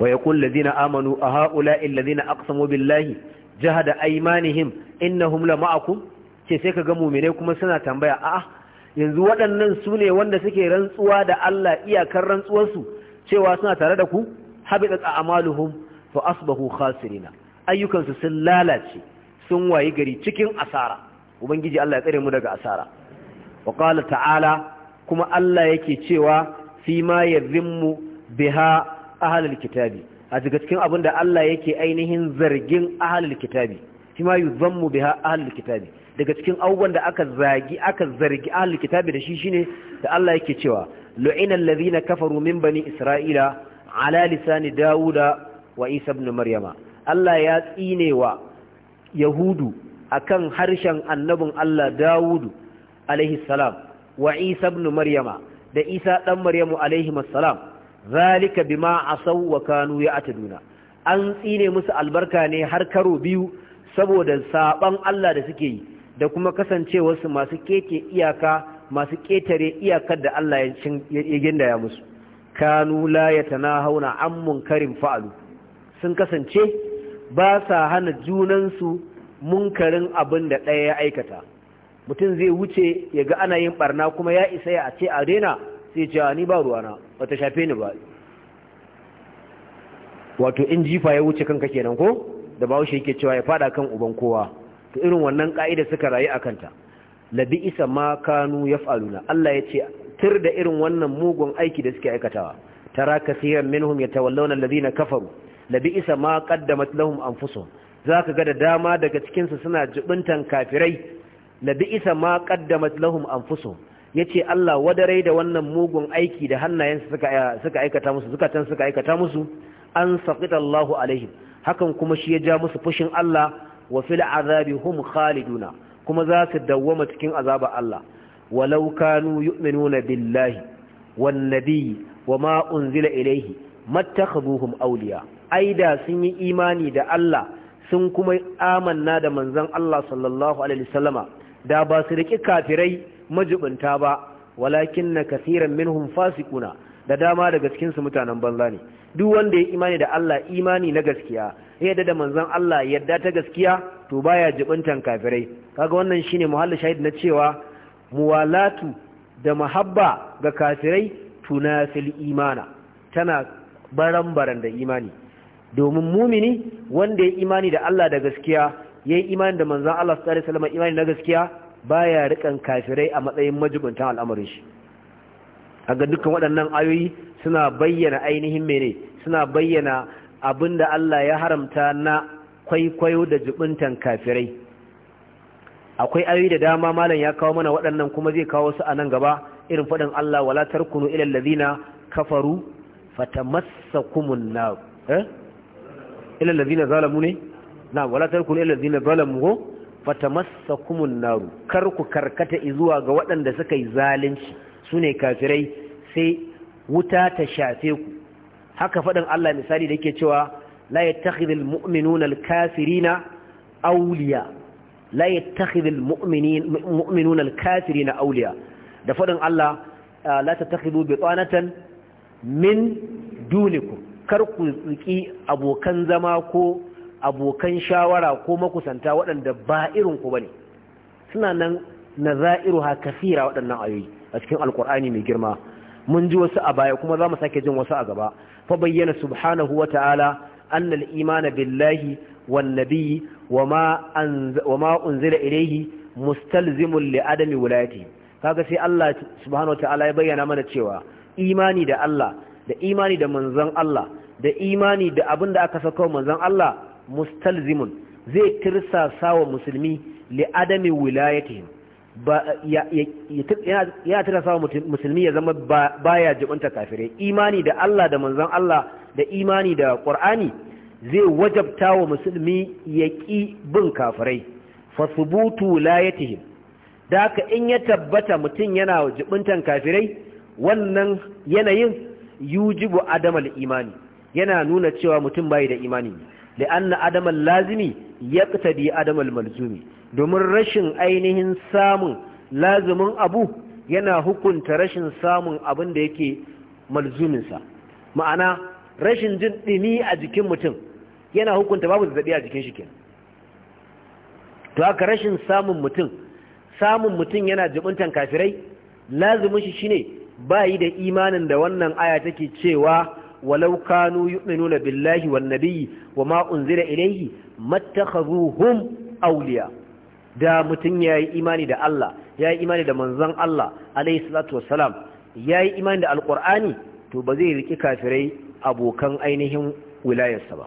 wa yaqul ladina amanu a haula'i alladhina aqsamu billahi jahada aymanihim innahum la ma'akum ce sai ka kaga mu'mine kuma suna tambaya a'a yanzu waɗannan su ne wanda suke rantsuwa da Allah iyakar rantsuwarsu cewa suna tare da ku a a'maluhum fa asbahu khasirina ayyukansu sun lalace sun wayi gari cikin asara ubangiji Allah ya tsare mu daga asara wa qala ta'ala kuma Allah yake cewa fi ma yadhimmu biha ahlul kitabi a daga cikin abin da Allah yake ainihin zargin ahlul kitabi fi ma biha ahlul kitabi daga cikin abubuwan da aka zagi aka zargi ahlul kitabi da shi shine da Allah yake cewa lu'ina allazina kafaru min bani isra'ila ala lisani dauda wa isa ibn maryama Allah ya tsinewa yahudu akan harshen annabin Allah daudu alaihi salam wa isa ibn maryama da isa dan maryamu alaihi salam zalika bima asaw wa kanu ya'taduna an tsine musu albarka ne har karo biyu saboda saban Allah da suke yi da kuma kasancewarsu masu keke iyaka masu ketare iyakar da Allah ya gindaya musu kanu la yatanahawna an munkarin fa'alu sun kasance ba sa hana junansu munkarin abin da ɗaya ya aikata mutum zai wuce ya ga ana yin barna kuma ya isa ya ce a daina sai ce ni ba ruwana wata shafe ni ba wato in jifa ya wuce kanka kenan ko da bawo shi yake cewa ya fada kan uban kowa to irin wannan ka'ida suka rayu a kanta labi isa ma kanu ya yaf'aluna Allah ya ce tur da irin wannan mugun aiki da suke aikatawa tara kaseeran minhum yatawallawna alladhina kafaru labi isa ma qaddamat lahum anfusuhum zaka ga da dama daga cikin su suna jubuntan kafirai labi isa ma qaddamat lahum anfusuhum yace Allah wadarai da wannan mugun aiki da su suka suka aikata musu can suka aikata musu an saqita Allahu alaihim hakan kuma shi ya ja musu fushin Allah wa fil azabi hum khaliduna kuma za su dawwama cikin azaba Allah walau kanu yu'minuna billahi wan nabiyyi wama unzila ilayhi mattakhaduhum awliya aida sun yi imani da Allah sun kuma amanna da manzon Allah sallallahu alaihi wasallama da ba su riki kafirai majubunta ba walakinna kaseeran minhum fasiquna da dama daga cikin su mutanen banza ne duk wanda ya imani da Allah imani na gaskiya yadda da manzon Allah yadda ta gaskiya to baya jibintan kafirai kaga wannan shine muhallin shahid na cewa muwalatu da mahabba ga kafirai tunasil imana tana barambaran da imani domin mumini wanda ya imani da Allah da gaskiya ya yi imani da manzan Allah su tsari salama imani na gaskiya baya rikan kafirai a matsayin majibintan al'amarin shi a ga dukkan waɗannan ayoyi suna bayyana ainihin mene suna bayyana Abin da Allah ya haramta na kwaikwayo da jubuntan kafirai akwai ayoyi da dama malam ya kawo mana waɗannan kuma zai kawo su a nan gaba irin faɗin Allah wala tarkunu ila allazina kafaru fatamassakumun nar eh ila allazina zalamu ne na wala tarkunu ila allazina zalamu fatamassakumun nar kar ku karkata zuwa ga waɗanda suka yi zalunci sune kafirai sai wuta ta shafe ku haka faɗin Allah misali da yake cewa la yattakhidhul mu'minuna al-kafirina awliya la mu'minuna al-kafirina awliya da faɗin Allah ah, la tattakhidhu bitanatan min dunikum kar ku tsiki abokan zama ko abokan shawara ko makusanta waɗanda ba irin ku bane suna nan nazairuha kasira waɗannan ayoyi a cikin Alƙur'ani mai girma mun ji wasu a baya kuma za mu sake jin wasu a gaba fa bayyana subhanahu wa ta'ala anna al billahi wan wa wama wama unzila ilayhi mustalzimun li adami wulayati kaga sai Allah subhanahu wa ta'ala ya bayyana mana cewa imani da Allah da imani da manzon Allah da imani da abin da aka saka manzon Allah mustalzimun zai tirsasa wa musulmi li adami wilayatihim yana tana sawa musulmi ya zama baya jibinta kafirai imani da Allah da manzan Allah da imani da ƙwar'ani zai wajabta wa musulmi ya ƙi bin kafirai fasubutu layatihim da haka in ya tabbata mutum yana jibintan kafirai wannan yanayin yujibu adamal imani yana nuna cewa mutum bai da imani li'anna adamal lazimi yaqtadi adamal malzumi domin rashin ainihin samun lazumin abu yana hukunta rashin samun abin da yake malzuminsa ma'ana rashin jin ɗini a jikin mutum yana hukunta babu zazzaɓi a jikin shi ke to haka rashin samun mutum samun mutum yana jibintan kafirai lazumin shi shine ba yi da imanin da wannan aya take cewa walau kanu yu'minuna billahi wan nabiyyi wama unzila ilayhi mattakhadhuhum awliya da mutum ya yi imani da Allah ya yi imani da manzon Allah alaihi salatu wassalam ya yi imani da alƙur'ani to ba zai riƙi kafirai abokan ainihin wilayarsa ba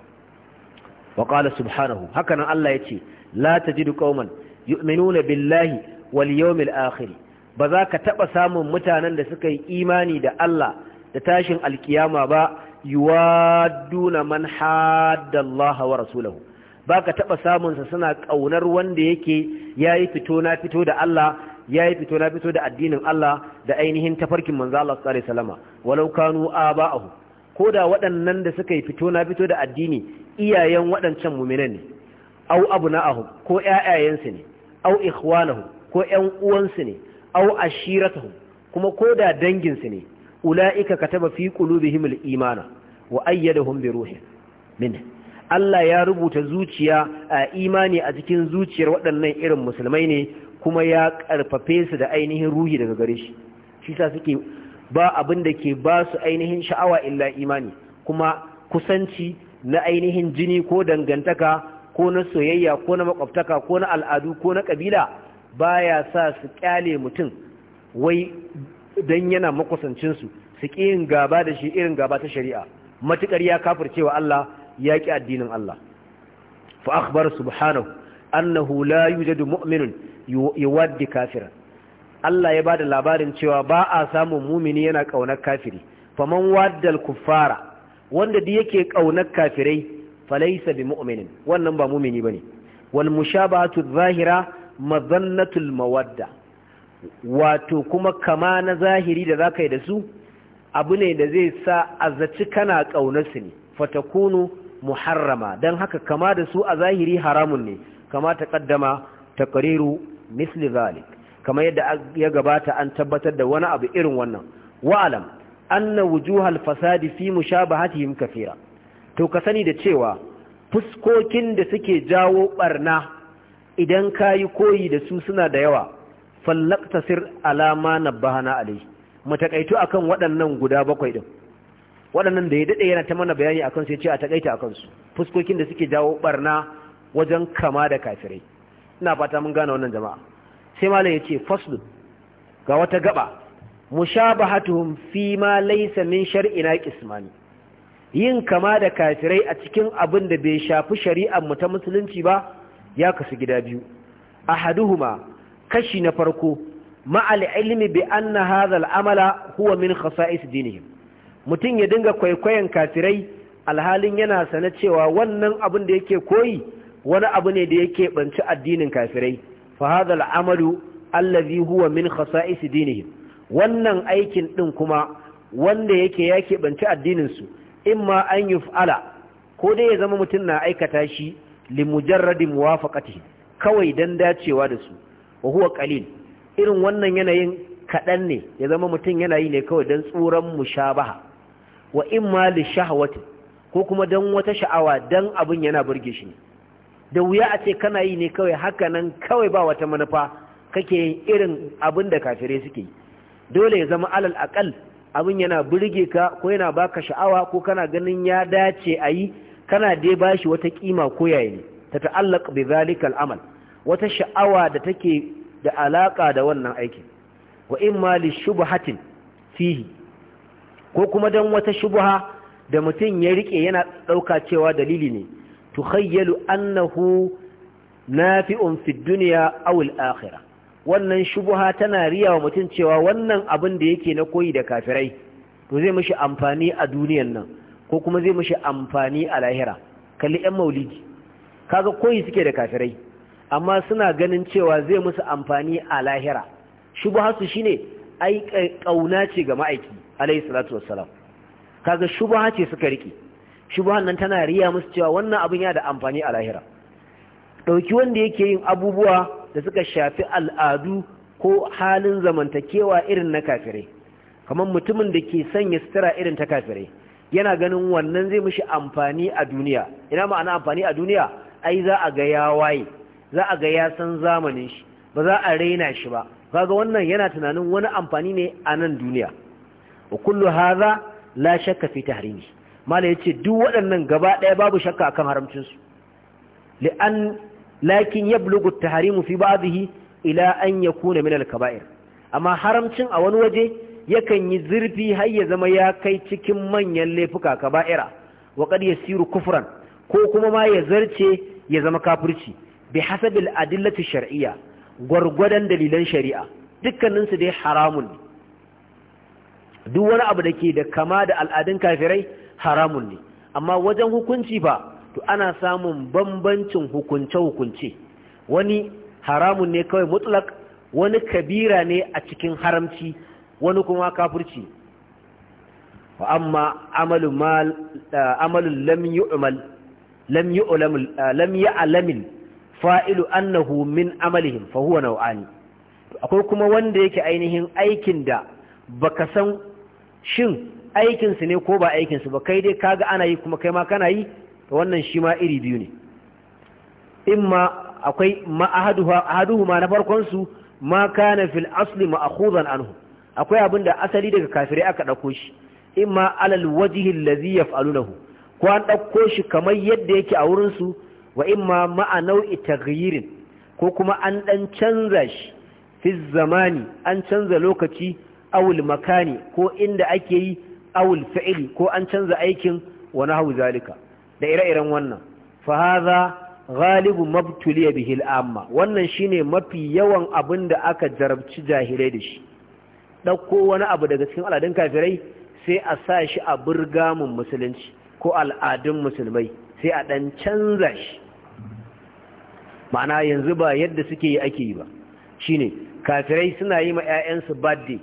wa subhanahu haka nan Allah ce la tajidu qauman yu'minuna billahi wal yawmil akhiri, ba za ka taɓa samun mutanen da suka yi imani da Allah da tashin alkiyama ba yuwaduna man hadda wa rasulahu ba ka taɓa samunsa suna ƙaunar wanda yake ya yi fito na fito da Allah ya yi fito na fito da addinin Allah da ainihin tafarkin manzo Allah sallallahu alaihi wasallam walau kanu aba'ahu ko da waɗannan da suka yi fito na fito da addini iyayen waɗancan muminan ne au abna'ahum ko ƴaƴayensu ne au ikhwanahum ko ƴan uwansu ne au ashiratahum kuma ko da danginsu ne ula'ika kataba fi qulubihimul imana wa ayyadahum bi ruhin minhu Allah ya rubuta zuciya a imani a cikin zuciyar waɗannan irin musulmai ne kuma ya ƙarfafe su da ainihin ruhi daga gare shi shi sa suke ba abin da ke ba su ainihin sha'awa illa imani kuma kusanci na ainihin jini ko dangantaka ko na soyayya ko na makwabtaka ko na al'adu ko na ƙabila baya sa su ƙyale mutum wai don yana makusancinsu su ƙi yin gaba da shi irin gaba ta shari'a matuƙar ya kafircewa Allah ya ƙi addinin Allah fa akhbar subhanahu annahu la yujadu mu'minun yuwaddi kafir. Allah ya bada labarin cewa ba a samun mumini yana ƙaunar kafiri faman waddal kuffara wanda duk yake ƙaunar kafirai falaysa bi mu'minin wannan ba mumini bane wal mushabahatu zahira madhannatul mawadda wato kuma kama na zahiri da zaka yi da su abu ne da zai sa azaci kana ƙaunar su ne fatakunu muharrama don haka kama da su a zahiri haramun ne kama ta kaddama taqriru misli zalik kama yadda ya gabata an tabbatar da wani abu irin wannan wa'alam na wujuhar fasadi fi mushabahatihim kafira to ka sani da cewa fuskokin da suke jawo barna idan kayi koyi da su suna da yawa fallaktasir alama na nabbahana alai matakaitu akan waɗannan guda bakwai ɗin. waɗannan da ya daɗe yana ta mana bayani a kansu ya ce a taƙaita a kansu fuskokin da suke jawo ɓarna wajen kama da kafirai ina fata mun gane wannan jama'a sai malam ya ce faslun ga wata gaba mushabahatuhum fi ma laysa min shar'ina qismani yin kama da kafirai a cikin abin da bai shafi shari'ar mu ta musulunci ba ya kasu gida biyu ahaduhuma kashi na farko ma'al ilmi bi anna hadha al-amala huwa min khasa'is dinihim mutum ya dinga kwaikwayon kafirai alhalin yana sana cewa wannan abin da yake koyi wani abu ne da yake banci addinin kafirai fa hadha al'amalu allazi huwa min khasa'is dinihim wannan aikin din kuma wanda yake yake banci addinin su imma an yuf'ala ko dai ya zama mutum na aikata shi li mujarradi muwafaqatihi kawai dan dacewa da su wa huwa qalil irin wannan yanayin kaɗan ne ya zama mutum yana yi ne kawai dan tsoran mushabaha wa ma li shahwati ko kuma dan wata sha'awa dan abin yana burge shi ne da wuya a ce kana yi ne kawai haka nan kawai ba wata manufa kake yin irin abin da kafire suke yi dole ya zama alal akal abin yana burge ka ko yana baka sha'awa ko kana ganin ya dace a yi kana dai shi wata kima ko yayi ne ta ta'allaq bi zalikal amal wata sha'awa da take da alaka da wannan aikin wa ma li shubhatin fihi ko kuma dan wata shubuha da mutum ya rike yana ɗauka cewa dalili ne tukhayyalu annahu nafi'un fi dunya aw al-akhirah wannan shubuha tana riya wa mutum cewa wannan abin da yake na koyi da kafirai to zai mishi amfani a duniyan nan ko kuma zai mishi amfani a lahira kalli ɗan maulidi kaga koyi suke da kafirai amma suna ganin cewa zai musu amfani a lahira shubuha su shine ai kauna ce ga ma'aiki alaihi salatu wassalam kaga shubha ce suka rike shubhan nan tana riya musu cewa wannan abin yana da amfani a lahira dauki wanda yake yin abubuwa da suka shafi al'adu ko halin zamantakewa irin na kafire kamar mutumin da ke sanya sutura irin ta kafirai yana ganin wannan zai mishi amfani a duniya ina ma'ana amfani a duniya ai za a ga ya waye za a ga ya san zamanin shi ba za a raina shi ba kaga wannan yana tunanin wani amfani ne a nan duniya kullu hadha la shakka fi tahrimi mala yace duk waɗannan gaba ɗaya babu shakka akan haramcin su li'an lakin yablugu at-tahrimu fi ba'dihi ila an yakuna min al-kaba'ir amma haramcin a wani waje yakan yi zurfi har ya zama ya kai cikin manyan laifuka kaba'ira wa qad yasiru kufran ko kuma ma ya zarce ya zama kafirci bi hasabil adillati shar'iyya gwargwadon dalilan shari'a dukkaninsu dai haramun ne duk wani abu da ke da kama da al'adun kafirai haramun ne amma wajen hukunci ba to ana samun bambancin hukunce-hukunce wani haramun ne kawai mutlak wani kabira ne a cikin haramci wani kuma kafirci wa amma amalin eh, lam yu'mal lam yu'lam eh, fa'ilu annahu min amalihim fa huwa naw'ani akwai kuma wanda yake ainihin aikin da baka san shin aikinsu ne ko ba aikinsu ba kai dai kaga ana yi kuma kai ma kana yi to wannan shi ma iri biyu ne imma akwai ma'ahaduhu ma na farkonsu ma kana fil asli ma'akhuzan anhu akwai abin da asali daga kafirai aka ɗauko shi imma alal wajihi allazi yaf'alunahu ko an ɗauko shi kamar yadda yake a wurin su wa imma ma'a nau'i taghyirin ko kuma an dan canza shi fi zamani an canza lokaci awul makani ko inda ake yi awul fi'ili ko an canza aikin wani hauzalika. zalika da ire-iren wannan fa hadha ghalibu mabtuliya Bihil, Amma wannan shine mafi yawan abin da aka jarabci jahilai da shi Ɗauko wani abu daga cikin al'adun kafirai sai a sa shi a burgamun musulunci ko al'adun musulmai sai a ɗan canza shi ma'ana yanzu ba yadda suke yi ake yi ba shine kafirai suna yi ma 'ya'yansu birthday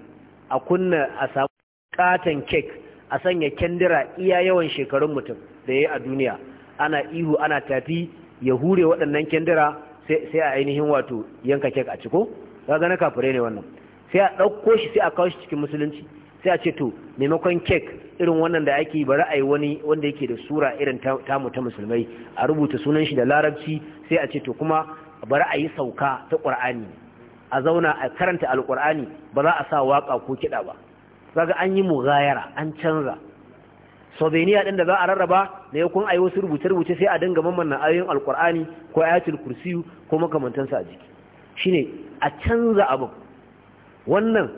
a kunna a samu katon kek a sanya kyandira iya yawan shekarun mutum da ya yi a duniya ana ihu ana tafi ya hure waɗannan kyandira sai a ainihin wato yanka kek a ciko ga na kafure ne wannan sai a ɗauko shi sai a kawo shi cikin musulunci sai a ce to maimakon kek irin wannan da ake bari a yi wani wanda yake da sura irin tamu ta musulmai a rubuta sunan shi da larabci sai a ce to kuma bari a yi sauka ta ƙur'ani a zauna a karanta alkur'ani ba za a sa waka ko kiɗa ba kaga an yi mugayara an canza sobeniya din da za a rarraba ne kun ayi wasu rubuce-rubuce sai a dinga mamman ayoyin alkur'ani ko ayatul kursiyu ko makamantansa a jiki shine a canza abin wannan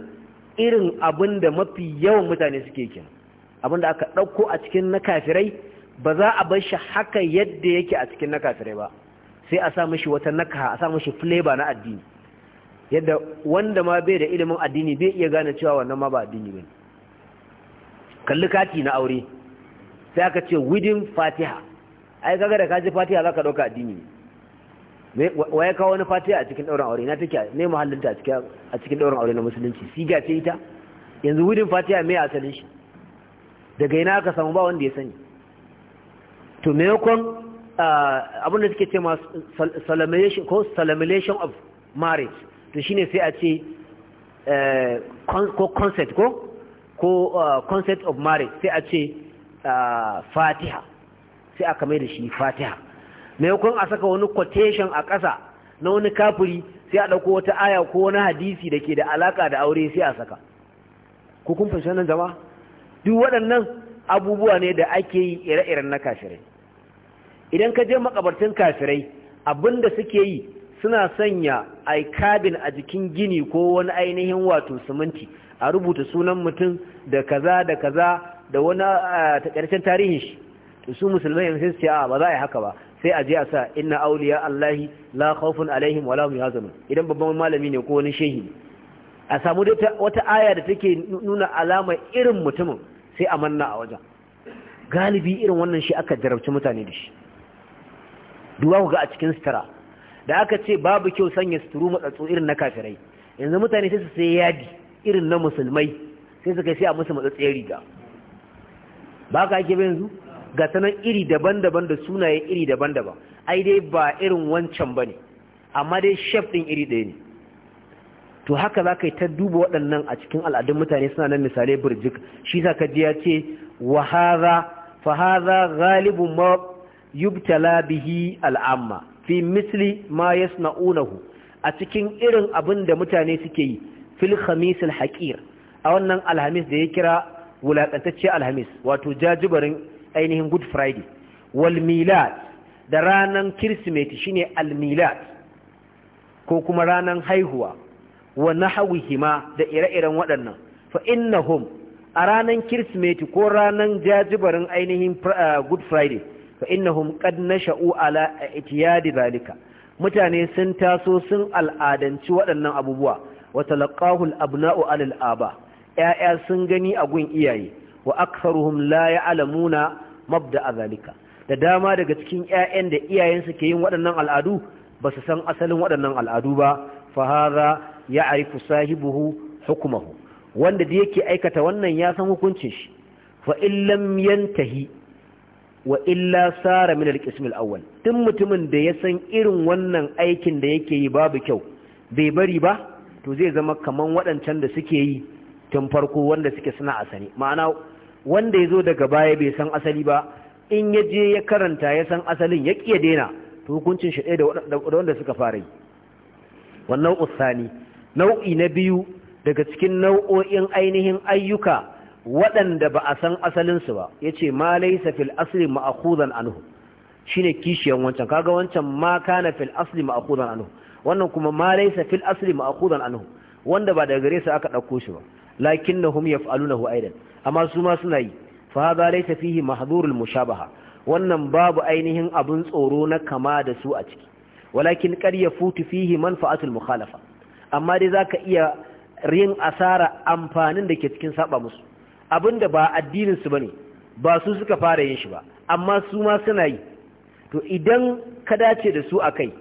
irin abin da mafi yawan mutane suke kin abin da aka ɗauko a cikin na kafirai ba za a bar shi haka yadda yake a cikin na kafirai ba sai a sa mashi wata nakaha a sa mashi flavor na addini yadda wanda ma bai da ilimin addini bai iya gane cewa wannan ma ba addini ba kalli kati na aure sai aka ce widin fatiha ai kaga da kaji fatiha zaka dauka addini ne wa ya kawo wani fatiha a cikin dauran aure na take ne muhallinta a cikin a cikin dauran aure na musulunci siga ce ita yanzu widin fatiha me asalin shi daga ina aka samu ba wanda ya sani to maimakon ah, abin da suke ce ma salamation of marriage to shi ne sai a ce eh, ko concept ko ko eh, concept of marriage sai a ce eh, fatiha sai aka mai da shi fatiha maimakon a saka wani quotation a ƙasa na wani kafiri sai a ɗauko wata aya ko wani hadisi da ke da alaƙa da aure sai a saka ko kun fashe nan jama'a duk waɗannan abubuwa ne da ake yi ire-iren na kafirai idan ka je makabartin kafirai abinda suke yi suna sanya aikabin a jikin gini ko wani ainihin wato siminti a rubuta sunan mutum da kaza da kaza da wani takarshen tarihin shi su musulmai yanzu sai a ba za a yi haka ba sai a je a sa inna auliya allahi la khawfun alaihim wala hum yahzanun idan babban malami ne ko wani shehi a samu wata aya da take nuna alama irin mutumin sai a manna a wajen galibi irin wannan shi aka jarabci mutane da shi duba ku ga a cikin sutura da aka ce babu kyau sanya suturu matsatsu irin na kafirai yanzu mutane sai su sai yadi irin na musulmai sai su kai sai a musu matsatsiyar riga ba ka ake bai yanzu ga sanan iri daban-daban da sunaye iri daban-daban ai dai ba irin wancan ba ne amma dai shef ɗin iri ɗaya ne to haka za ka yi ta duba waɗannan a cikin al'adun mutane suna nan misalai birjik shi za ka ji ya ce Fa haza galibin ma yubtala bihi al'amma fi misli ma yasna'unahu a cikin irin abin da mutane suke yi fil khamis al haqir a wannan alhamis da ya kira wulakantacce alhamis wato jajibarin ainihin good friday wal milad da ranan kirsimeti shine al milad ko kuma ranan haihuwa wa nahawihima da ire-iren waɗannan fa innahum a ranan kirsimeti ko ranan jajibarin ainihin uh, good friday fa innahum qad nasha'u ala itiyadi zalika mutane sun taso sun al'adanci waɗannan abubuwa wa talaqahu abnau ala al ya'ya sun gani a gun iyaye wa aktharuhum la ya'lamuna mabda'a zalika da dama daga cikin ƴaƴan da iyayensu ke yin waɗannan al'adu ba su san asalin waɗannan al'adu ba fa hadha ya'rifu sahibuhu hukmuhu wanda da yake aikata wannan ya san hukuncin shi fa in lam yantahi wa illa sara min al-qism al-awwal duk mutumin da ya san irin wannan aikin da yake yi babu kyau bai bari ba to zai zama kaman waɗancan da suke yi tun farko wanda suke suna asali ma'ana wanda ya zo daga baya bai san asali ba in ya je ya karanta ya san asalin ya ƙiya daina to hukuncin shi ɗaya da wanda suka fara yi wannan usani nau'i na biyu daga cikin nau'o'in ainihin ayyuka waɗanda ba a san asalinsu ba ya ce ma laisa fil asli ma'akuzan anhu shi ne kishiyan wancan kaga wancan ma kana fil asli ma'akuzan anhu wannan kuma ma laisa fil asli ma'akuzan anhu wanda ba daga gare su aka ɗauko shi ba lakin na hum yaf'alunahu aidan amma su ma suna yi fa hadha laysa fihi mahdhurul mushabaha wannan babu ainihin abun tsoro na kama da su a ciki walakin qad yafutu fihi manfa'atul mukhalafa amma dai zaka iya yin asara amfanin da ke cikin saba musu Abin da ba addininsu ba ne ba su suka fara yin shi ba amma su ma suna yi to idan ka dace da su a kai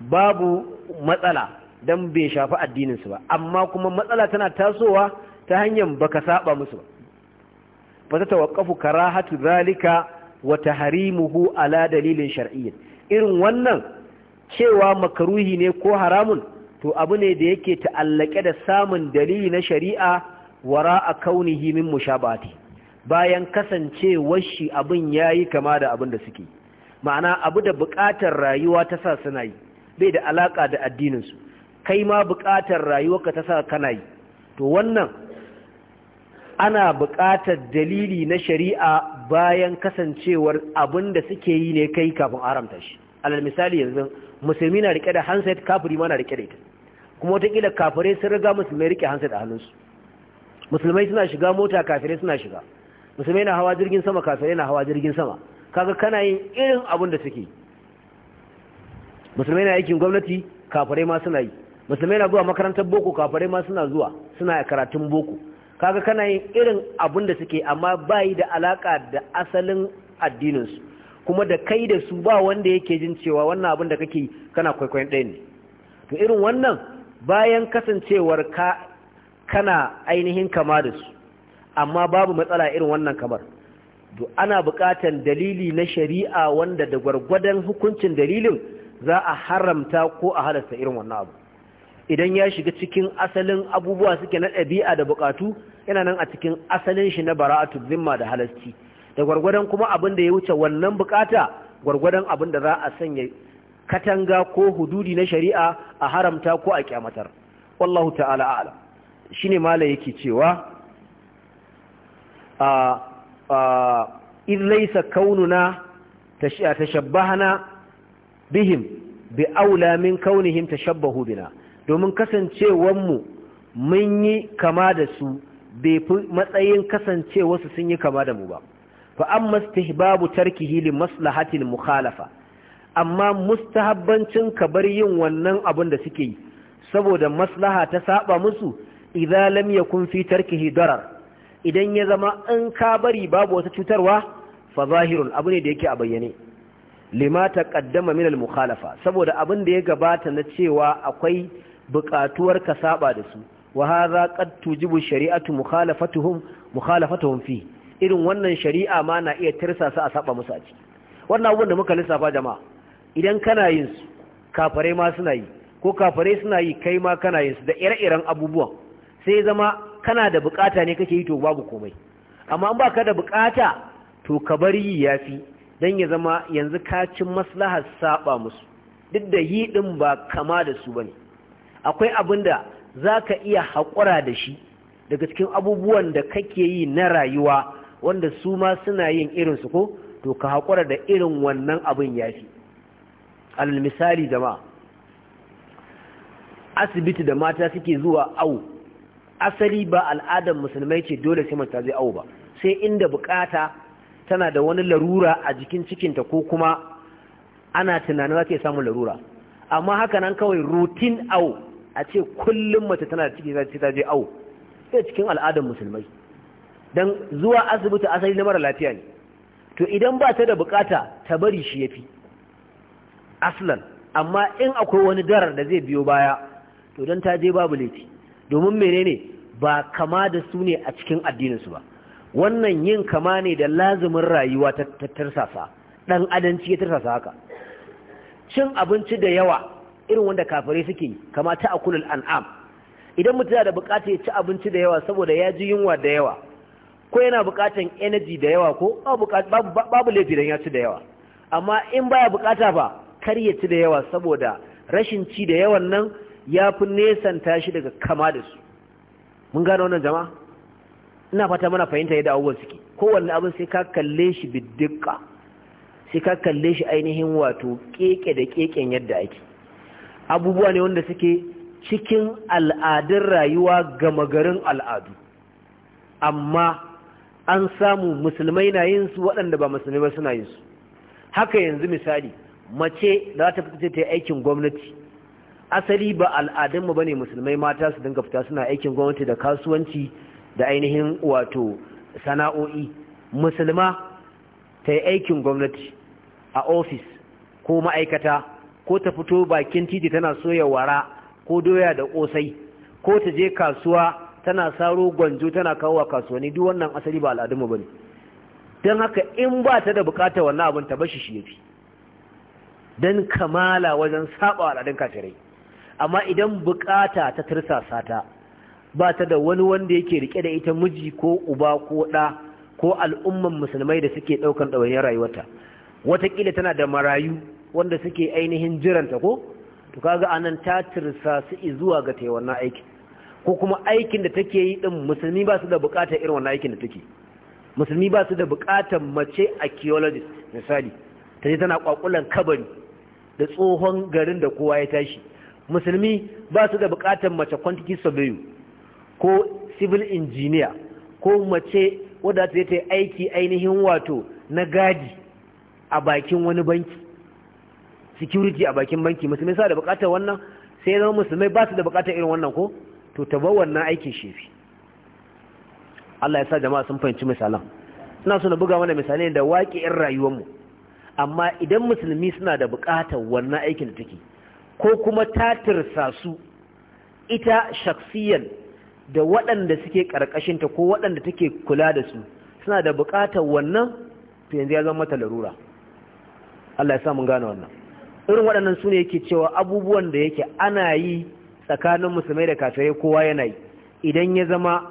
babu matsala don bai shafi addininsu ba amma kuma matsala tana tasowa ta hanyar ba ka saba musu ba fata kara karahatu zalika wa tahrimuhu ala dalilin shar'iyyin irin wannan cewa makaruhi ne ko haramun to abu ne da yake ta'allake da samun dalili na shari'a wara a kaunihi min mushabati bayan kasancewar shi abin yayi kama da abin da suke ma'ana abu da buƙatar rayuwa ta sa suna yi bai da alaka da addinin su kai ma buƙatar ka ta sa kana yi to wannan ana buƙatar dalili na shari'a bayan kasancewar abin da suke yi ne kai kafin haramta shi alal misali yanzu musulmi na rike da handset kafiri ma na rike da ita kuma wataƙila kafirai sun riga musulmai rike handset a hannunsu musulmai suna shiga mota kafirai suna shiga musulmai na hawa jirgin sama kafirai na hawa jirgin sama kaga kana yin irin abin da suke musulmai na aikin gwamnati kafirai ma suna yi musulmai na zuwa makarantar boko kafirai ma suna zuwa suna karatun boko kaga kana yin irin abin da suke amma bayi da alaka da asalin addininsu kuma da kai da su ba wanda yake jin cewa wannan abin da kake kana kwaikwayon ɗaya ne to irin wannan bayan kasancewar ka kana ainihin kama da su amma babu matsala irin wannan kamar to ana buƙatar dalili na shari'a wanda da gwargwadon hukuncin dalilin za a haramta ko a halasta irin wannan abu idan ya shiga cikin asalin abubuwa suke na ɗabi'a da buƙatu yana nan a cikin asalin shi na bara'atu zimma da halasci da gwargwadon kuma abin da ya wuce wannan buƙata gwargwadon abin da za a sanya katanga ko hududi na shari'a a haramta ko a kyamatar wallahu ta'ala a'lam shine mala yake cewa a a in laysa kaununa bihim bi aula min kaunihim tashabbahu bina domin kasancewanmu mun yi kama da su bai fi matsayin kasancewarsu sun yi kama da mu ba fa an istihbabu tarkihi li maslahatil mukhalafa amma mustahabbancin ka bar yin wannan abin da suke yi saboda maslaha ta saba musu idza lam yakun fi tarkihi darar idan ya zama an ka bari babu wata cutarwa fa zahirun abu ne da yake a bayyane lima taqaddama min al-mukhalafa saboda abin da ya gabata na cewa akwai buƙatuwar ka saba da su wa hadha qad tujibu shari'atu mukhalafatuhum mukhalafatuhum fi irin wannan shari'a ma na iya tirsasa a saba musu a ciki wannan abun da muka lissafa jama'a idan kana yin su kafare ma suna yi ko kafare suna yi kai ma kana yin su da ire-iren abubuwan sai zama kana da bukata ne kake yi to babu komai amma an baka da bukata to ka bar yi yafi dan ya zama yanzu ka cin maslahar saba musu duk da yi din ba kama da su ba ne, akwai abinda ka iya haƙura da shi daga cikin abubuwan da kake yi na rayuwa wanda su ma suna yin irinsu ko to ka haƙura da irin wannan abin yafi Al misali jama'a asibiti da mata suke zuwa au asali ba al'adar musulmai ce dole sai mace ta awu awo ba sai inda bukata tana da wani larura a jikin cikinta ko kuma ana tunanin za ta samun larura amma haka nan kawai rutin awo a ce kullum mace tana da ciki sai ta je awo sai cikin al'adar musulmai dan zuwa asibiti asali na mara lafiya ne to idan ba ta da bukata ta bari shi yafi aslan amma in akwai wani darar da zai biyo baya to don ta je babu laifi domin menene ba kama da su ne a cikin addininsu ba wannan yin kama ne da lazumin rayuwa ta tarsasa ɗan adanci ya tarsasa haka cin abinci da yawa irin wanda kafari suke yi kama ta akulul an'am idan mutum yana da bukatar ya ci abinci da yawa saboda ya ji yunwa da yawa ko yana bukatar energy da yawa ko babu laifi don ya ci da yawa amma in baya bukata ba kar ya ci da yawa saboda rashin ci da yawan nan ya fi nesanta shi daga kama da su mun gane wannan jama'a ina fata mana fahimta yadda abubuwan suke kowanne abin sai ka kalle shi biddika sai ka kalle shi ainihin wato keke da keken yadda ake abubuwa ne wanda suke cikin al'adun rayuwa gama garin al'adu amma an samu musulmai na yin su waɗanda ba musulmai ba suna yin su haka yanzu misali mace za ta fi ta yi aikin gwamnati asali ba al'adunmu ba ne musulmai mata su dinga fita suna aikin gwamnati da kasuwanci da ainihin wato sana'o'i musulma ta yi aikin gwamnati a ofis ko ma'aikata ko ta fito bakin titi tana soya wara ko doya da kosai ko ta je kasuwa tana saro gwanjo tana kawo wa kasuwanni duk wannan asali ba al'adunmu ba ne don haka in ba ta da bukatar wannan abin ta bashi shi ya fi don kamala wajen saba al'adun kafirai amma idan bukata ta tursasa ta ba ta da wani wanda yake rike da ita miji ko uba ko ɗa ko al'umman musulmai da suke ɗaukan ɗawainiyar rayuwarta watakila tana da marayu wanda suke ainihin jiranta ko to kaga anan ta tirsasu zuwa ga ta wannan aikin ko kuma aikin da take yi din musulmi ba su da bukata irin wannan aikin da take musulmi ba su da bukatar mace archaeologist misali ta je tana kwakulan kabari da tsohon garin da kowa ya tashi musulmi ba su da bukatar mace kwantiki sabayu ko civil engineer ko mace wadda ta yi aiki ainihin wato na gadi a bakin wani banki security a bakin banki musulmi sa da bukatar wannan sai zama musulmai ba su da bukatar irin wannan ko to tabar wannan aikin shefi Allah ya sa jama'a sun fahimci misalan suna so na buga mana misalai da irin 'yan rayuwarmu amma idan musulmi suna da bukatar wannan aikin da take ko kuma ta tirsa su ita shaksiyan da waɗanda suke ƙarƙashinta ko waɗanda take kula da su suna da buƙatar wannan to yanzu ya zama talarura Allah ya samun gane wannan irin waɗannan su ne yake cewa abubuwan da yake ana yi tsakanin musulmai da kafirai kowa yana yi idan ya zama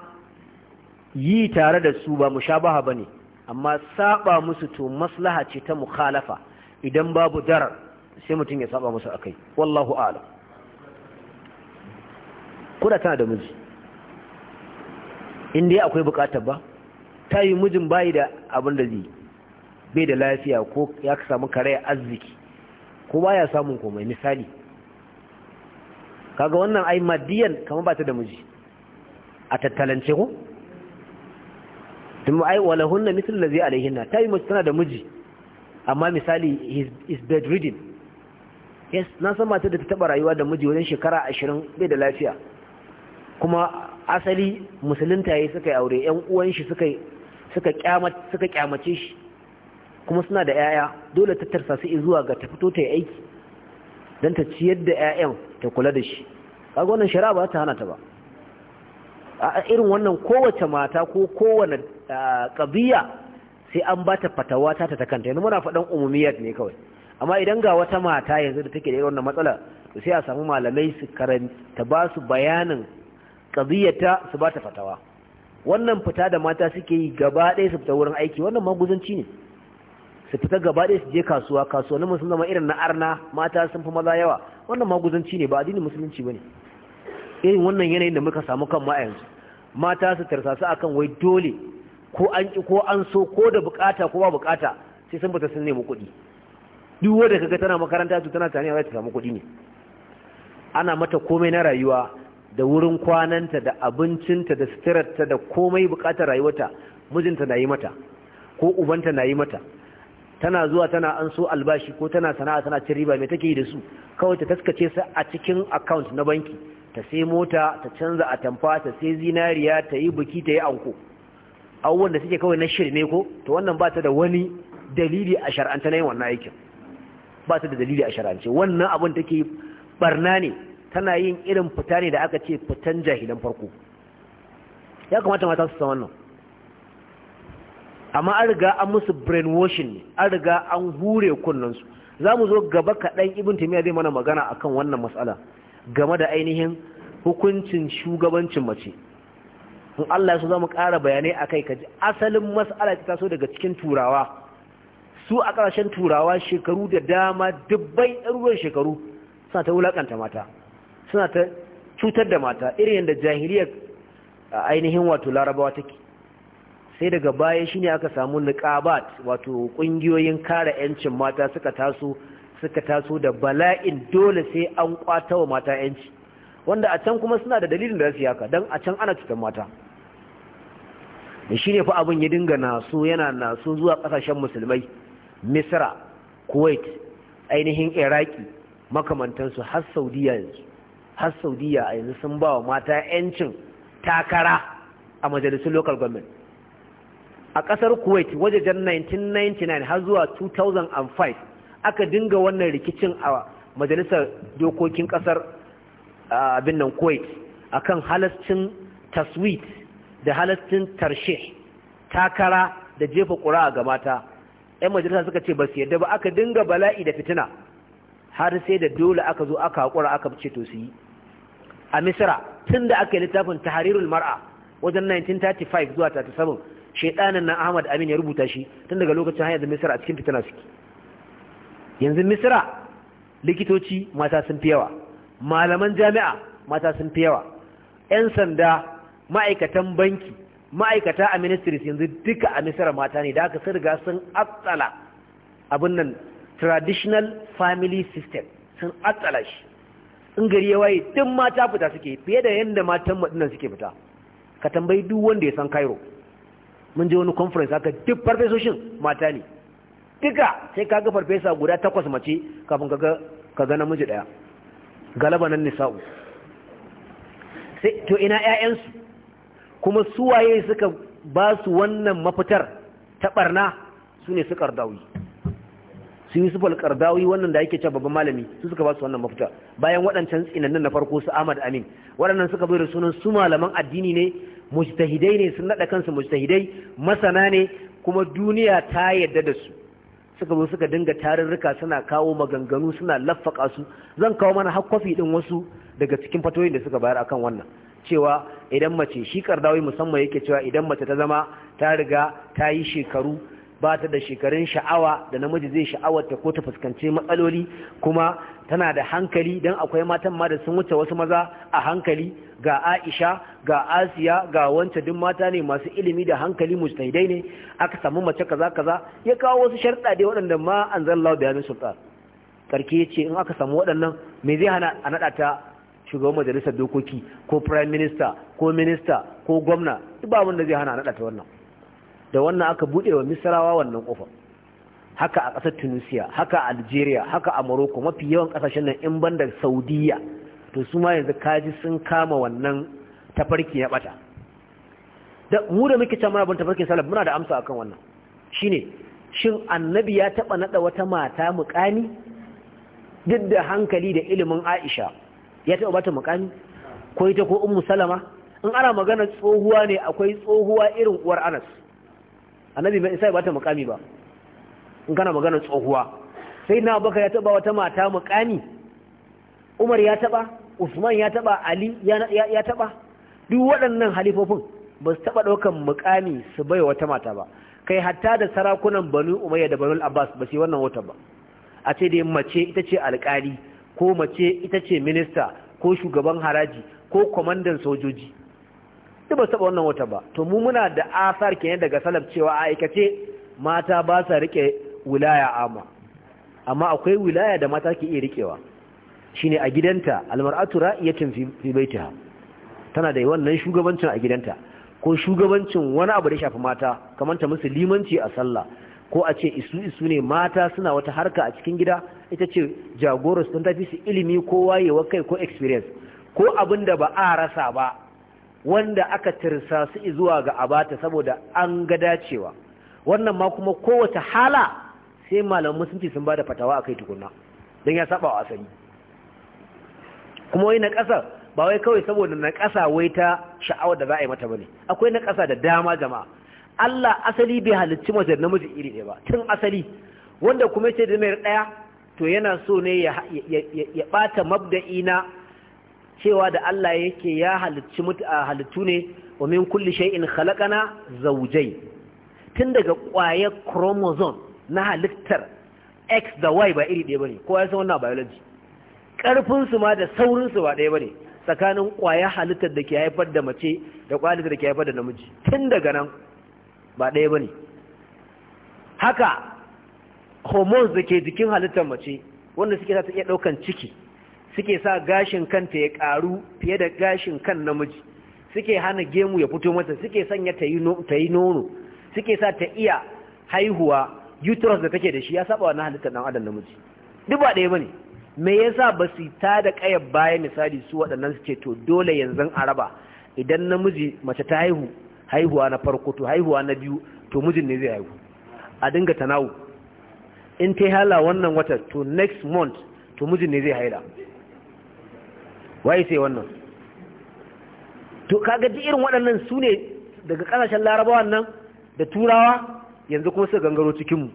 yi tare da su ba mushabaha bane amma saba musu to maslaha ce ta mukhalafa idan babu darar sai mutum ya saba musu akai wallahu a'lam kuna tana da miji in dai akwai bukatar ba ta yi mijin bayi da abin da zai bai da lafiya ko ya samu karaya arziki ko baya samun komai misali kaga wannan ai madiyan kamar ba ta da miji a tattalance ko tun ai walahunna mithlu allazi alaihinna ta yi tana da miji amma misali is bedridden yes na san matar da ta taba rayuwa da miji wajen shekara ashirin bai da lafiya kuma asali musulunta yayi suka yi aure yan uwan shi suka suka kyamace shi kuma suna da yaya dole ta tarsa su zuwa ga ta fito ta yi aiki dan ta ciyar da yayan ta kula da shi kaga wannan shari'a ba ta hana ta ba a irin wannan kowace mata ko kowane kabiya ah, sai an ba ta fatawa ta ta kanta yanzu muna faɗan umumiyat ne kawai amma idan ga wata mata yanzu da take da irin wannan matsala to sai a samu malamai su karanta ba su bayanin qadiyata su ba ta fatawa wannan fita da mata suke yi gaba ɗaya su fita wurin aiki wannan maguzanci ne su fita gaba ɗaya su je kasuwa kasuwa sun musulma irin na arna mata sun fi maza yawa wannan maguzanci ne ba addinin musulunci bane irin wannan yanayin da muka samu kan ma yanzu mata su tarsasu akan wai dole ko an ko an so ko da bukata ko ba bukata sai sun fita sun nemi kuɗi duk wanda kaga tana makaranta su tana tani a wata samu kuɗi ne ana mata komai na rayuwa da wurin kwananta da abincinta da suturarta da komai bukatar rayuwata, mijinta na yi mata ko ubanta na yi mata tana zuwa tana an so albashi ko tana sana'a tana cin riba mai take yi da su kawai ta taskace su a cikin account na banki ta sai mota ta canza atamfa ta sai zinariya ta yi biki ta yi anko abubuwan da suke kawai na shirme ko to wannan ba ta da wani dalili a shar'anta na yin wannan aikin ba ta da dalili a shar'ance wannan abin take barna ne tana yin irin fita ne da aka ce fitan jahilan farko ya kamata mata su san wannan amma an riga an musu brainwashing ne an riga an hure kunnansu za mu zo gaba kaɗan ibn tamiya zai mana magana akan wannan matsala game da ainihin hukuncin shugabancin mace in Allah ya so za mu ƙara bayanai akai kai kaji asalin matsala ta taso daga cikin turawa su a ƙasashen turawa shekaru da dama dubbai ɗaruruwan shekaru suna ta wulaƙanta mata suna ta cutar da mata irin yadda jahiliyar ainihin wato larabawa take sai daga baya shine aka samu niƙabat wato ƙungiyoyin kare 'yancin mata suka taso suka taso da bala'in dole sai an ƙwata wa mata 'yanci wanda a can kuma suna da dalilin da za su dan don a can ana cutar mata da shi ne fa abin ya dinga naso yana naso zuwa ƙasashen musulmai misra kuwait ainihin iraki makamantansu har saudiya yanzu har saudiya yanzu sun ba wa mata 'yancin takara a majalisun local government a ƙasar kuwait wajajen 1999 har zuwa 2005 aka dinga wannan rikicin a majalisar dokokin ƙasar abin nan kuwait akan halascin taswit da halascin tarshe takara da jefa ƙura ga mata 'yan majalisa suka ce ba su yadda ba aka dinga bala'i da fitina har sai da dole aka zo aka haƙura aka ce to su yi a misira tun da aka yi littafin tahrirul mar'a wajen 1935 zuwa 37 shaidanin na ahmad amin ya rubuta shi tun daga lokacin hanyar da misira a cikin fitina suke yanzu misira likitoci mata sun fi yawa malaman jami'a mata sun fi yawa 'yan sanda ma'aikatan banki ma'aikata a ministry yanzu duka a misira mata ne da aka sun riga sun atsala abin nan traditional family system sun atsala shi in gari ya waye duk mata fita suke fiye da yadda matan madinan suke fita ka tambayi duk wanda ya san cairo mun je wani conference haka duk farfesoshin mata ne duka sai ka ga farfesa guda takwas mace kafin ka ga namiji daya galaba nan nisa'u sai to ina 'ya'yansu kuma suwaye suka ba su wannan mafitar ta barna su ne su kardawi su yi al-kardawi wannan da yake cewa babban malami su suka ba su wannan mafita bayan waɗancan tsinannin na farko su Ahmad Amin waɗannan suka bai da sunan su malaman addini ne mujtahidai ne sun naɗa kansu mujtahidai masana ne kuma duniya ta yadda da su suka zo suka dinga tarurruka suna kawo maganganu suna laffaka su zan kawo mana hakkofi din wasu daga cikin fatoyin da suka bayar akan wannan cewa idan mace shi kardawai musamman yake cewa idan mace ta zama ta riga ta yi shekaru ba ta da shekarun sha'awa da namiji zai sha'awarta ko ta fuskanci matsaloli kuma tana da hankali don akwai matan ma da sun wuce wasu maza a hankali ga aisha ga asiya ga wancan duk mata ne masu ilimi da hankali taidai ne aka samu mace kaza kaza ya kawo wasu sharɗa dai waɗanda ma an zallahu bayanin sultan karki ya ce in aka samu waɗannan me zai hana a naɗa ta shugaban majalisar dokoki ko prime minister ko minister ko gwamna ba wanda zai hana naɗa ta wannan da wannan aka bude wa misrawa wannan ƙofa haka a ƙasar tunisia haka a algeria haka a morocco mafi yawan ƙasashen nan in banda saudiya to su ma yanzu kaji sun kama wannan tafarki ya ɓata da mu da muke can muna bin tafarkin salaf muna da amsa akan wannan shine shin annabi ya taɓa naɗa wata mata muƙami duk da hankali da ilimin aisha ya taɓa bata mukami ko ita ko ummu salama in ana magana tsohuwa ne akwai tsohuwa irin uwar anas annabi bai isa ya bata mukami ba in kana magana tsohuwa sai na baka ya taɓa wata mata mukami umar ya taɓa usman ya taɓa ali ya taɓa duk waɗannan halifofin ba su taɓa ɗaukan mukami su bai wata mata ba kai hatta da sarakunan banu umayya da banu abbas ba su yi wannan wata ba a ce dai mace ita ce alƙali ko mace ita ce minista ko shugaban haraji ko kwamandan sojoji duk ba taɓa wannan wata ba to mu muna da asar kenan daga salaf cewa a aikace mata ba sa rike wilaya amma amma akwai wilaya da mata ke iya rikewa shine a gidanta almar'atu ra'iyatin fi baitiha tana da wannan shugabancin a gidanta ko shugabancin wani abu da shafi mata kamar ta musu limanci a sallah ko a ce isu isu ne mata suna wata harka a cikin gida ita ce jagoras don tafi su ilimi ko wayewa kai ko experience ko abin da ba a rasa ba wanda aka tirsa su zuwa ga abata saboda an ga dacewa wannan ma kuma kowace hala sai malamin musulunci sun ba da fatawa akai tukuna don ya saba wa asali kuma wai na ƙasa ba wai kawai saboda na ƙasa wai ta sha'awar da za a yi mata ba ne, akwai na ƙasa da dama jama'a Allah asali bai halicci mace da namiji iri ɗaya ba tun asali wanda kuma ce da mai ɗaya to yana so ne ya ɓata mabda'i na cewa da Allah yake ya halicci halittu ne wa min kulli shay'in khalaqana zawjay tun daga ƙwayar chromosome na halittar x da y ba iri ɗaya ba ne, kowa ya san wannan biology karfin su ma da saurin ba ɗaya ba ne, tsakanin ƙwayar halittar da ke haifar da mace da ƙwayar halittar da ke haifar da namiji tun daga nan ba ɗaya ba ne haka hormones da ke jikin halittar mace wanda suke sa ta iya ɗaukan ciki suke sa gashin kanta ya ƙaru fiye da gashin kan namiji suke hana gemu ya fito mata suke sanya ta yi nono suke sa ta iya haihuwa uterus da take da shi ya saba na halittar ɗan adam namiji duk ba ɗaya ba ne me yasa ba su ta da ƙayar baya misali su waɗannan suke to dole yanzu a raba idan namiji mace ta haihu haihuwa na farko to haihuwa na biyu to mijin ne zai haihu a dinga tanawu in ta hala wannan wata to next month to mijin ne zai haida waye sai wannan to kaga duk irin waɗannan su ne daga ƙasashen larabawa nan da turawa yanzu kuma su gangaro cikinmu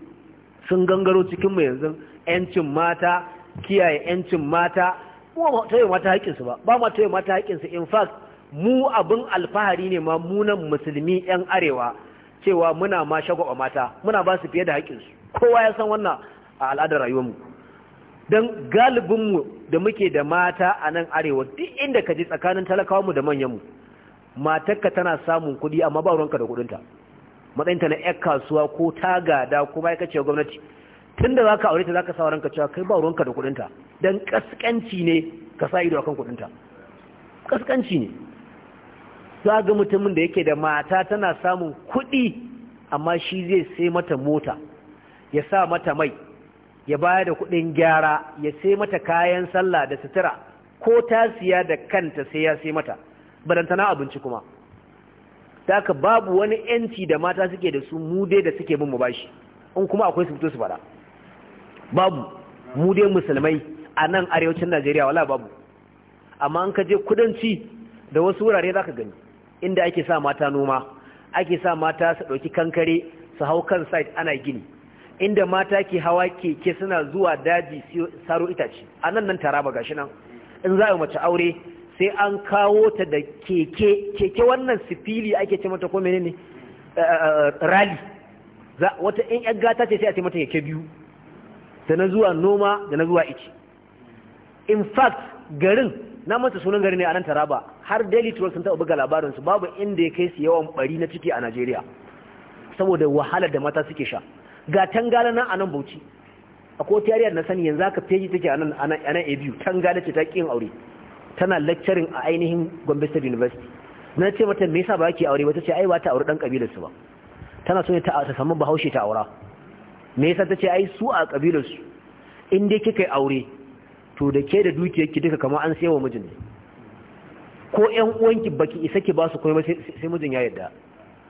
sun gangaro cikinmu yanzu 'yancin mata kiyaye 'yancin mata kuma ba ta yi mata haƙƙinsu ba ba ma ta yi mata haƙƙinsu in fact mu abin alfahari ne ma munan musulmi yan arewa cewa muna ma shagwaba mata muna ba su fiye da su. kowa ya san wannan a al'adar rayuwarmu don galibinmu da muke da mata a nan arewa duk inda ka ji tsakanin mu da manyanmu matarka tana samun kuɗi amma ba ruwanka da kuɗinta matsayinta na yan kasuwa ko ta gada ko ba ka ce gwamnati tun da za ka aure ta za ka sa ranka cewa kai ba ruwanka da kuɗinta don ƙasƙanci ne ka sa ido akan kuɗinta ƙasƙanci ne za ga mutumin da yake da mata tana samun kuɗi amma shi zai sai mata mota ya sa mata mai ya baya da kuɗin gyara ya sai mata kayan sallah da sutura ko ta siya da kanta sai ya sai mata barantana abinci kuma ta ka babu wani yanci da mata suke da su mu dai da suke bin mu bashi in kuma akwai su fito su fara babu mu musulmai a nan arewacin najeriya wala babu amma an ka je kudanci da wasu wurare za ka gani inda ake sa mata noma ake sa mata su ɗauki kankare su hau kan site ana gini inda mata ke hawa keke suna zuwa daji saro itace a nan nan taraba gashi nan in za a mace aure sai an kawo ta da keke keke wannan sifili ake ce mata ko menene eh, eh, eh, rali wata in yan gata ce sai a ce mata keke biyu da na zuwa noma da na zuwa ice in fact garin na manta sunan gari ne a nan taraba har daily trust sun taɓa buga labarinsu babu inda ya kai su yawan bari na ciki a najeriya saboda wahalar da mata suke sha ga tangala nan a nan bauchi a ko tariyar na sani yanzu haka feji take a nan a biyu tangala ce ta ƙin aure tana lecturing a ainihin gombe state university na ce mata me yasa ba ki aure ba tace ai ba ta aure dan kabilar su ba tana so ta ta samu bahaushe ta aura me yasa tace ai su a kabilar su in dai kika aure to da ke da dukiyarki duka kamar an sayawa mijin ne ko ƴan uwanki baki isa ki ba su komai sai mijin ya yarda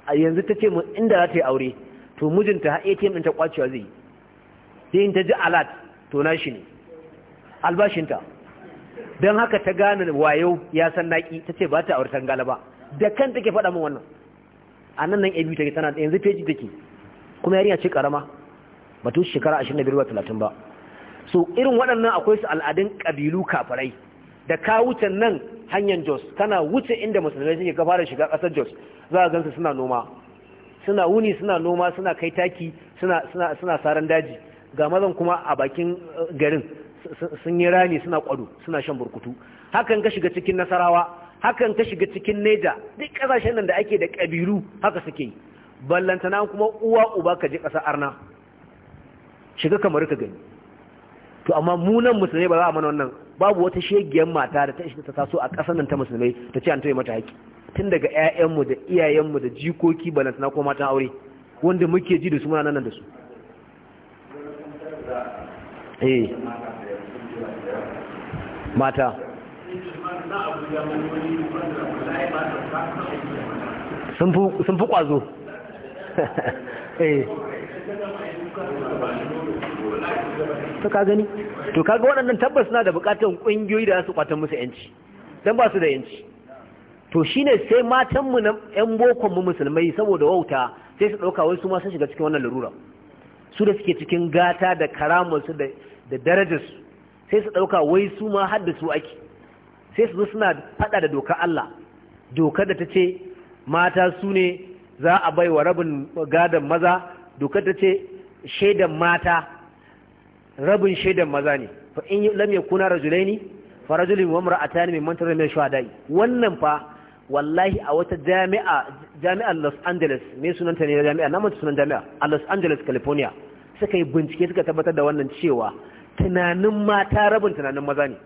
a yanzu ta ce mu inda za ta yi aure to mijinta har ATM ɗin ta kwacewa zai yi in ta ji alat to na shi ne albashinta don haka ta gane wayo ya san naki ta ce ba ta aure san galaba da kan take faɗa min wannan a nan nan ta tana yanzu feji take kuma yarinya ce karama ba tu shekara 25 ba 30 ba so irin waɗannan akwai su al'adun ƙabilu kafirai da ka wuce nan hanyar jos kana wuce inda musulmai suke gaba da shiga ƙasar jos za a gansu suna noma suna wuni suna noma suna kai taki suna saran daji ga mazan kuma a bakin uh, garin sun yi rani suna kwado suna shan burkutu hakan ka shiga cikin nasarawa hakan ka shiga cikin neja duk ƙasashen nan da ake da ƙabilu haka suke ballantana kuma uwa uba ka je ƙasar arna shiga kamar ka gani to amma mu nan musulmai ba za a mana wannan babu wata shegiyar mata da ta ishe ta taso a ƙasar nan ta musulmai ta ce an toye mata haƙƙi tun daga ƴaƴanmu da iyayenmu da jikoki balantana ko matan aure wanda muke ji da su muna nan da su eh mata sun fi kwazo eh to ka gani to kaga waɗannan tabbas suna da buƙatar ƙungiyoyi da su kwatan musu yanci dan ba su da yanci to shine sai matan mu na ƴan bokon mu musulmai saboda wauta sai su ɗauka wai su ma sun shiga cikin wannan larura su da suke cikin gata da karamar su da darajar su sai su ɗauka wai su ma har da su ake sai su zo suna faɗa da dokar Allah dokar da ta ce mata su ne za a bai wa rabin gadon maza dokar ta ce shaidan mata rabin shaidan maza ne fa in lam yakuna rajulaini fa rajulun wa imra'atan mimman tarana min shuhada'i wannan fa wallahi a wata jami'a jami'ar Los Angeles me sunanta ne jami'a na mutu sunan jami'a a Los Angeles California suka yi bincike suka tabbatar da wannan cewa tunanin mata rabin tunanin maza ne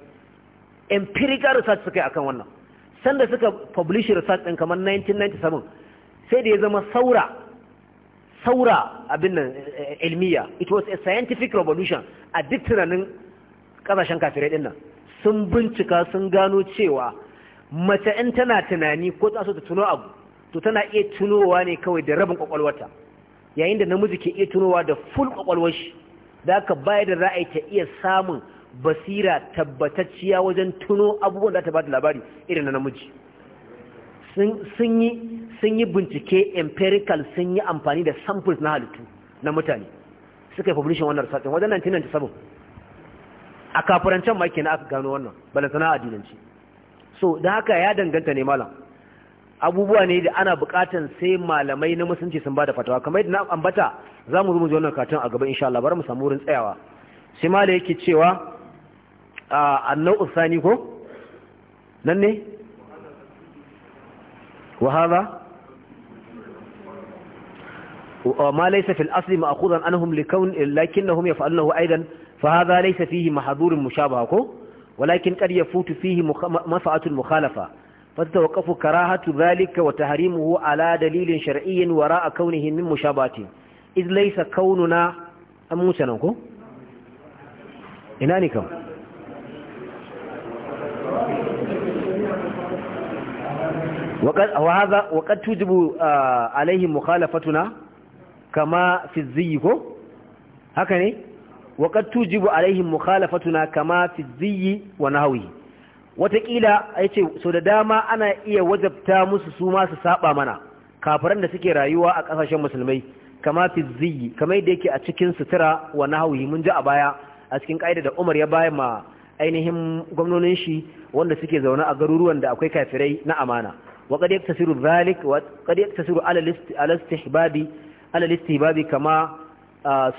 empirical research suka yi akan wannan sanda suka publish research din kamar 1997 sai da ya zama saura saura abin nan eh, eh, ilmiya it was a scientific revolution a duk tunanin kasashen kafirai din nan sun bincika sun gano cewa mace in tana tunani ko ta so ta tuno abu to tana iya tunowa ne kawai da rabin kwakwalwarta yayin da namiji ke iya tunowa da full kwakwalwar shi da aka bayar da ra'ayi ta iya samun basira tabbatacciya wajen tuno abubuwan da ta ba da labari irin na namiji sun yi sun yi bincike empirical sun yi amfani da samples na halittu na mutane suka yi publishin wannan satin wajen 1997 a kafirancen maki na aka gano wannan balantana a dinanci so da haka ya danganta ne malam abubuwa ne da ana bukatan sai malamai na musulunci sun bada fatawa kamar yadda na ambata za mu zo wannan katon a gaba insha Allah bari mu samu wurin tsayawa sai ma da yake cewa a annau sani ko nan ne wa hada وما آه، ليس في الأصل مأخوذا عنهم لكون لكنهم يفعلونه أيضا فهذا ليس فيه محظور مشابه ولكن قد يفوت فيه مفعة المخالفة فتتوقف كراهة ذلك وتحريمه على دليل شرعي وراء كونه من مشابهات إذ ليس كوننا أموسنكم إنانكم وقد, وهذا وقد توجب آه، عليهم مخالفتنا kama fi ziyi ko haka ne wa qad tujibu alaihim mukhalafatuna kama fi ziyi wa nahwi watakila ce so da dama ana iya wajabta musu su masu saɓa mana kafiran da suke rayuwa a ƙasashen musulmai kama fi ziyi kamar yadda yake a cikin sutura wa nahwi mun ji a baya a cikin ƙaida da Umar ya baya ma ainihin gwamnonin shi wanda suke zaune a garuruwan da akwai kafirai na amana wa qad yaktasiru dhalik wa yaktasiru ala istihbabi ala listibabi kama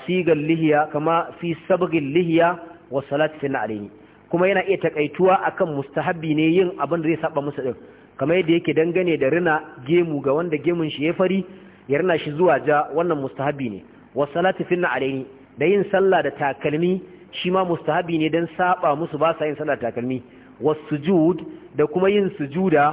sigal lihiya kama fi sabgil lihiya wa salat fi na'alini kuma yana iya takaituwa akan mustahabbi ne yin abin da zai saba musu din kamar yadda yake dangane da rina gemu ga wanda gemun shi ya fari ya rina shi zuwa ja wannan mustahabbi ne wa salati fi na'alini da yin sallah da takalmi shi ma mustahabi ne dan saba musu ba sa yin sallah takalmi wa sujud da kuma yin sujuda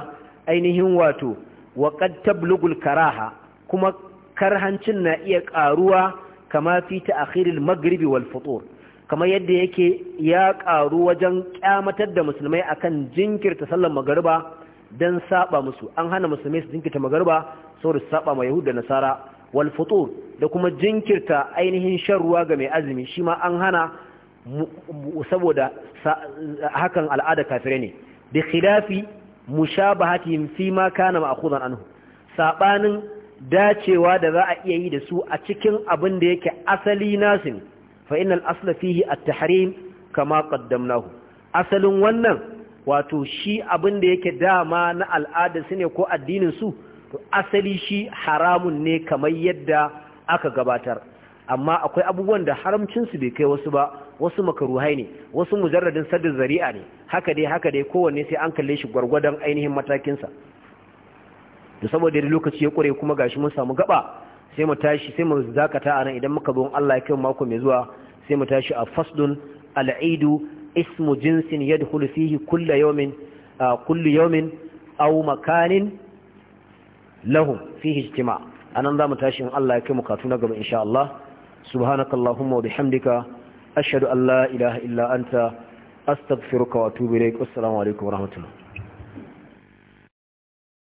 ainihin wato wa qad tablugul karaha kuma karhancin na iya ƙaruwa kama fi ta'khiril maghribi wal futur kamar yadda yake ya ƙaru wajen kyamatar da musulmai akan jinkirta sallar magariba dan saba musu an hana musulmai su jinkirta magariba saboda su saba ma da nasara wal futur da kuma jinkirta ainihin shan ruwa ga mai azumi shi ma an hana saboda hakan al'ada kafire ne bi khilafi mushabahatin fi ma kana ma'khudan anhu sabanin dacewa da za a iya yi da su a cikin abin da yake asali nasu ne fa innal asla fihi at-tahrim kama qaddamnahu asalin wannan wato shi abin da yake dama na al'ada su ne ko addinin su to asali shi haramun ne kamar yadda aka gabatar amma akwai abubuwan da haramcin su bai kai wasu ba wasu makaruhai ne wasu mujarradin sadda zari'a ne haka dai haka dai kowanne sai an kalle shi gwargwadon ainihin matakinsa to saboda da lokaci ya kure kuma gashi mun samu gaba sai mu tashi sai mu zakata nan idan muka zo Allah ya kai mako mai zuwa sai mu tashi a fasdun al'idu ismu jinsin yadkhulu fihi kullu yawmin kullu yawmin aw makanin lahum fihi ijtima anan zamu tashi in Allah ya kai mu katu na gaba insha Allah subhanakallahumma wa bihamdika ashhadu an la ilaha illa anta astaghfiruka wa atubu ilaik assalamu alaikum wa rahmatullah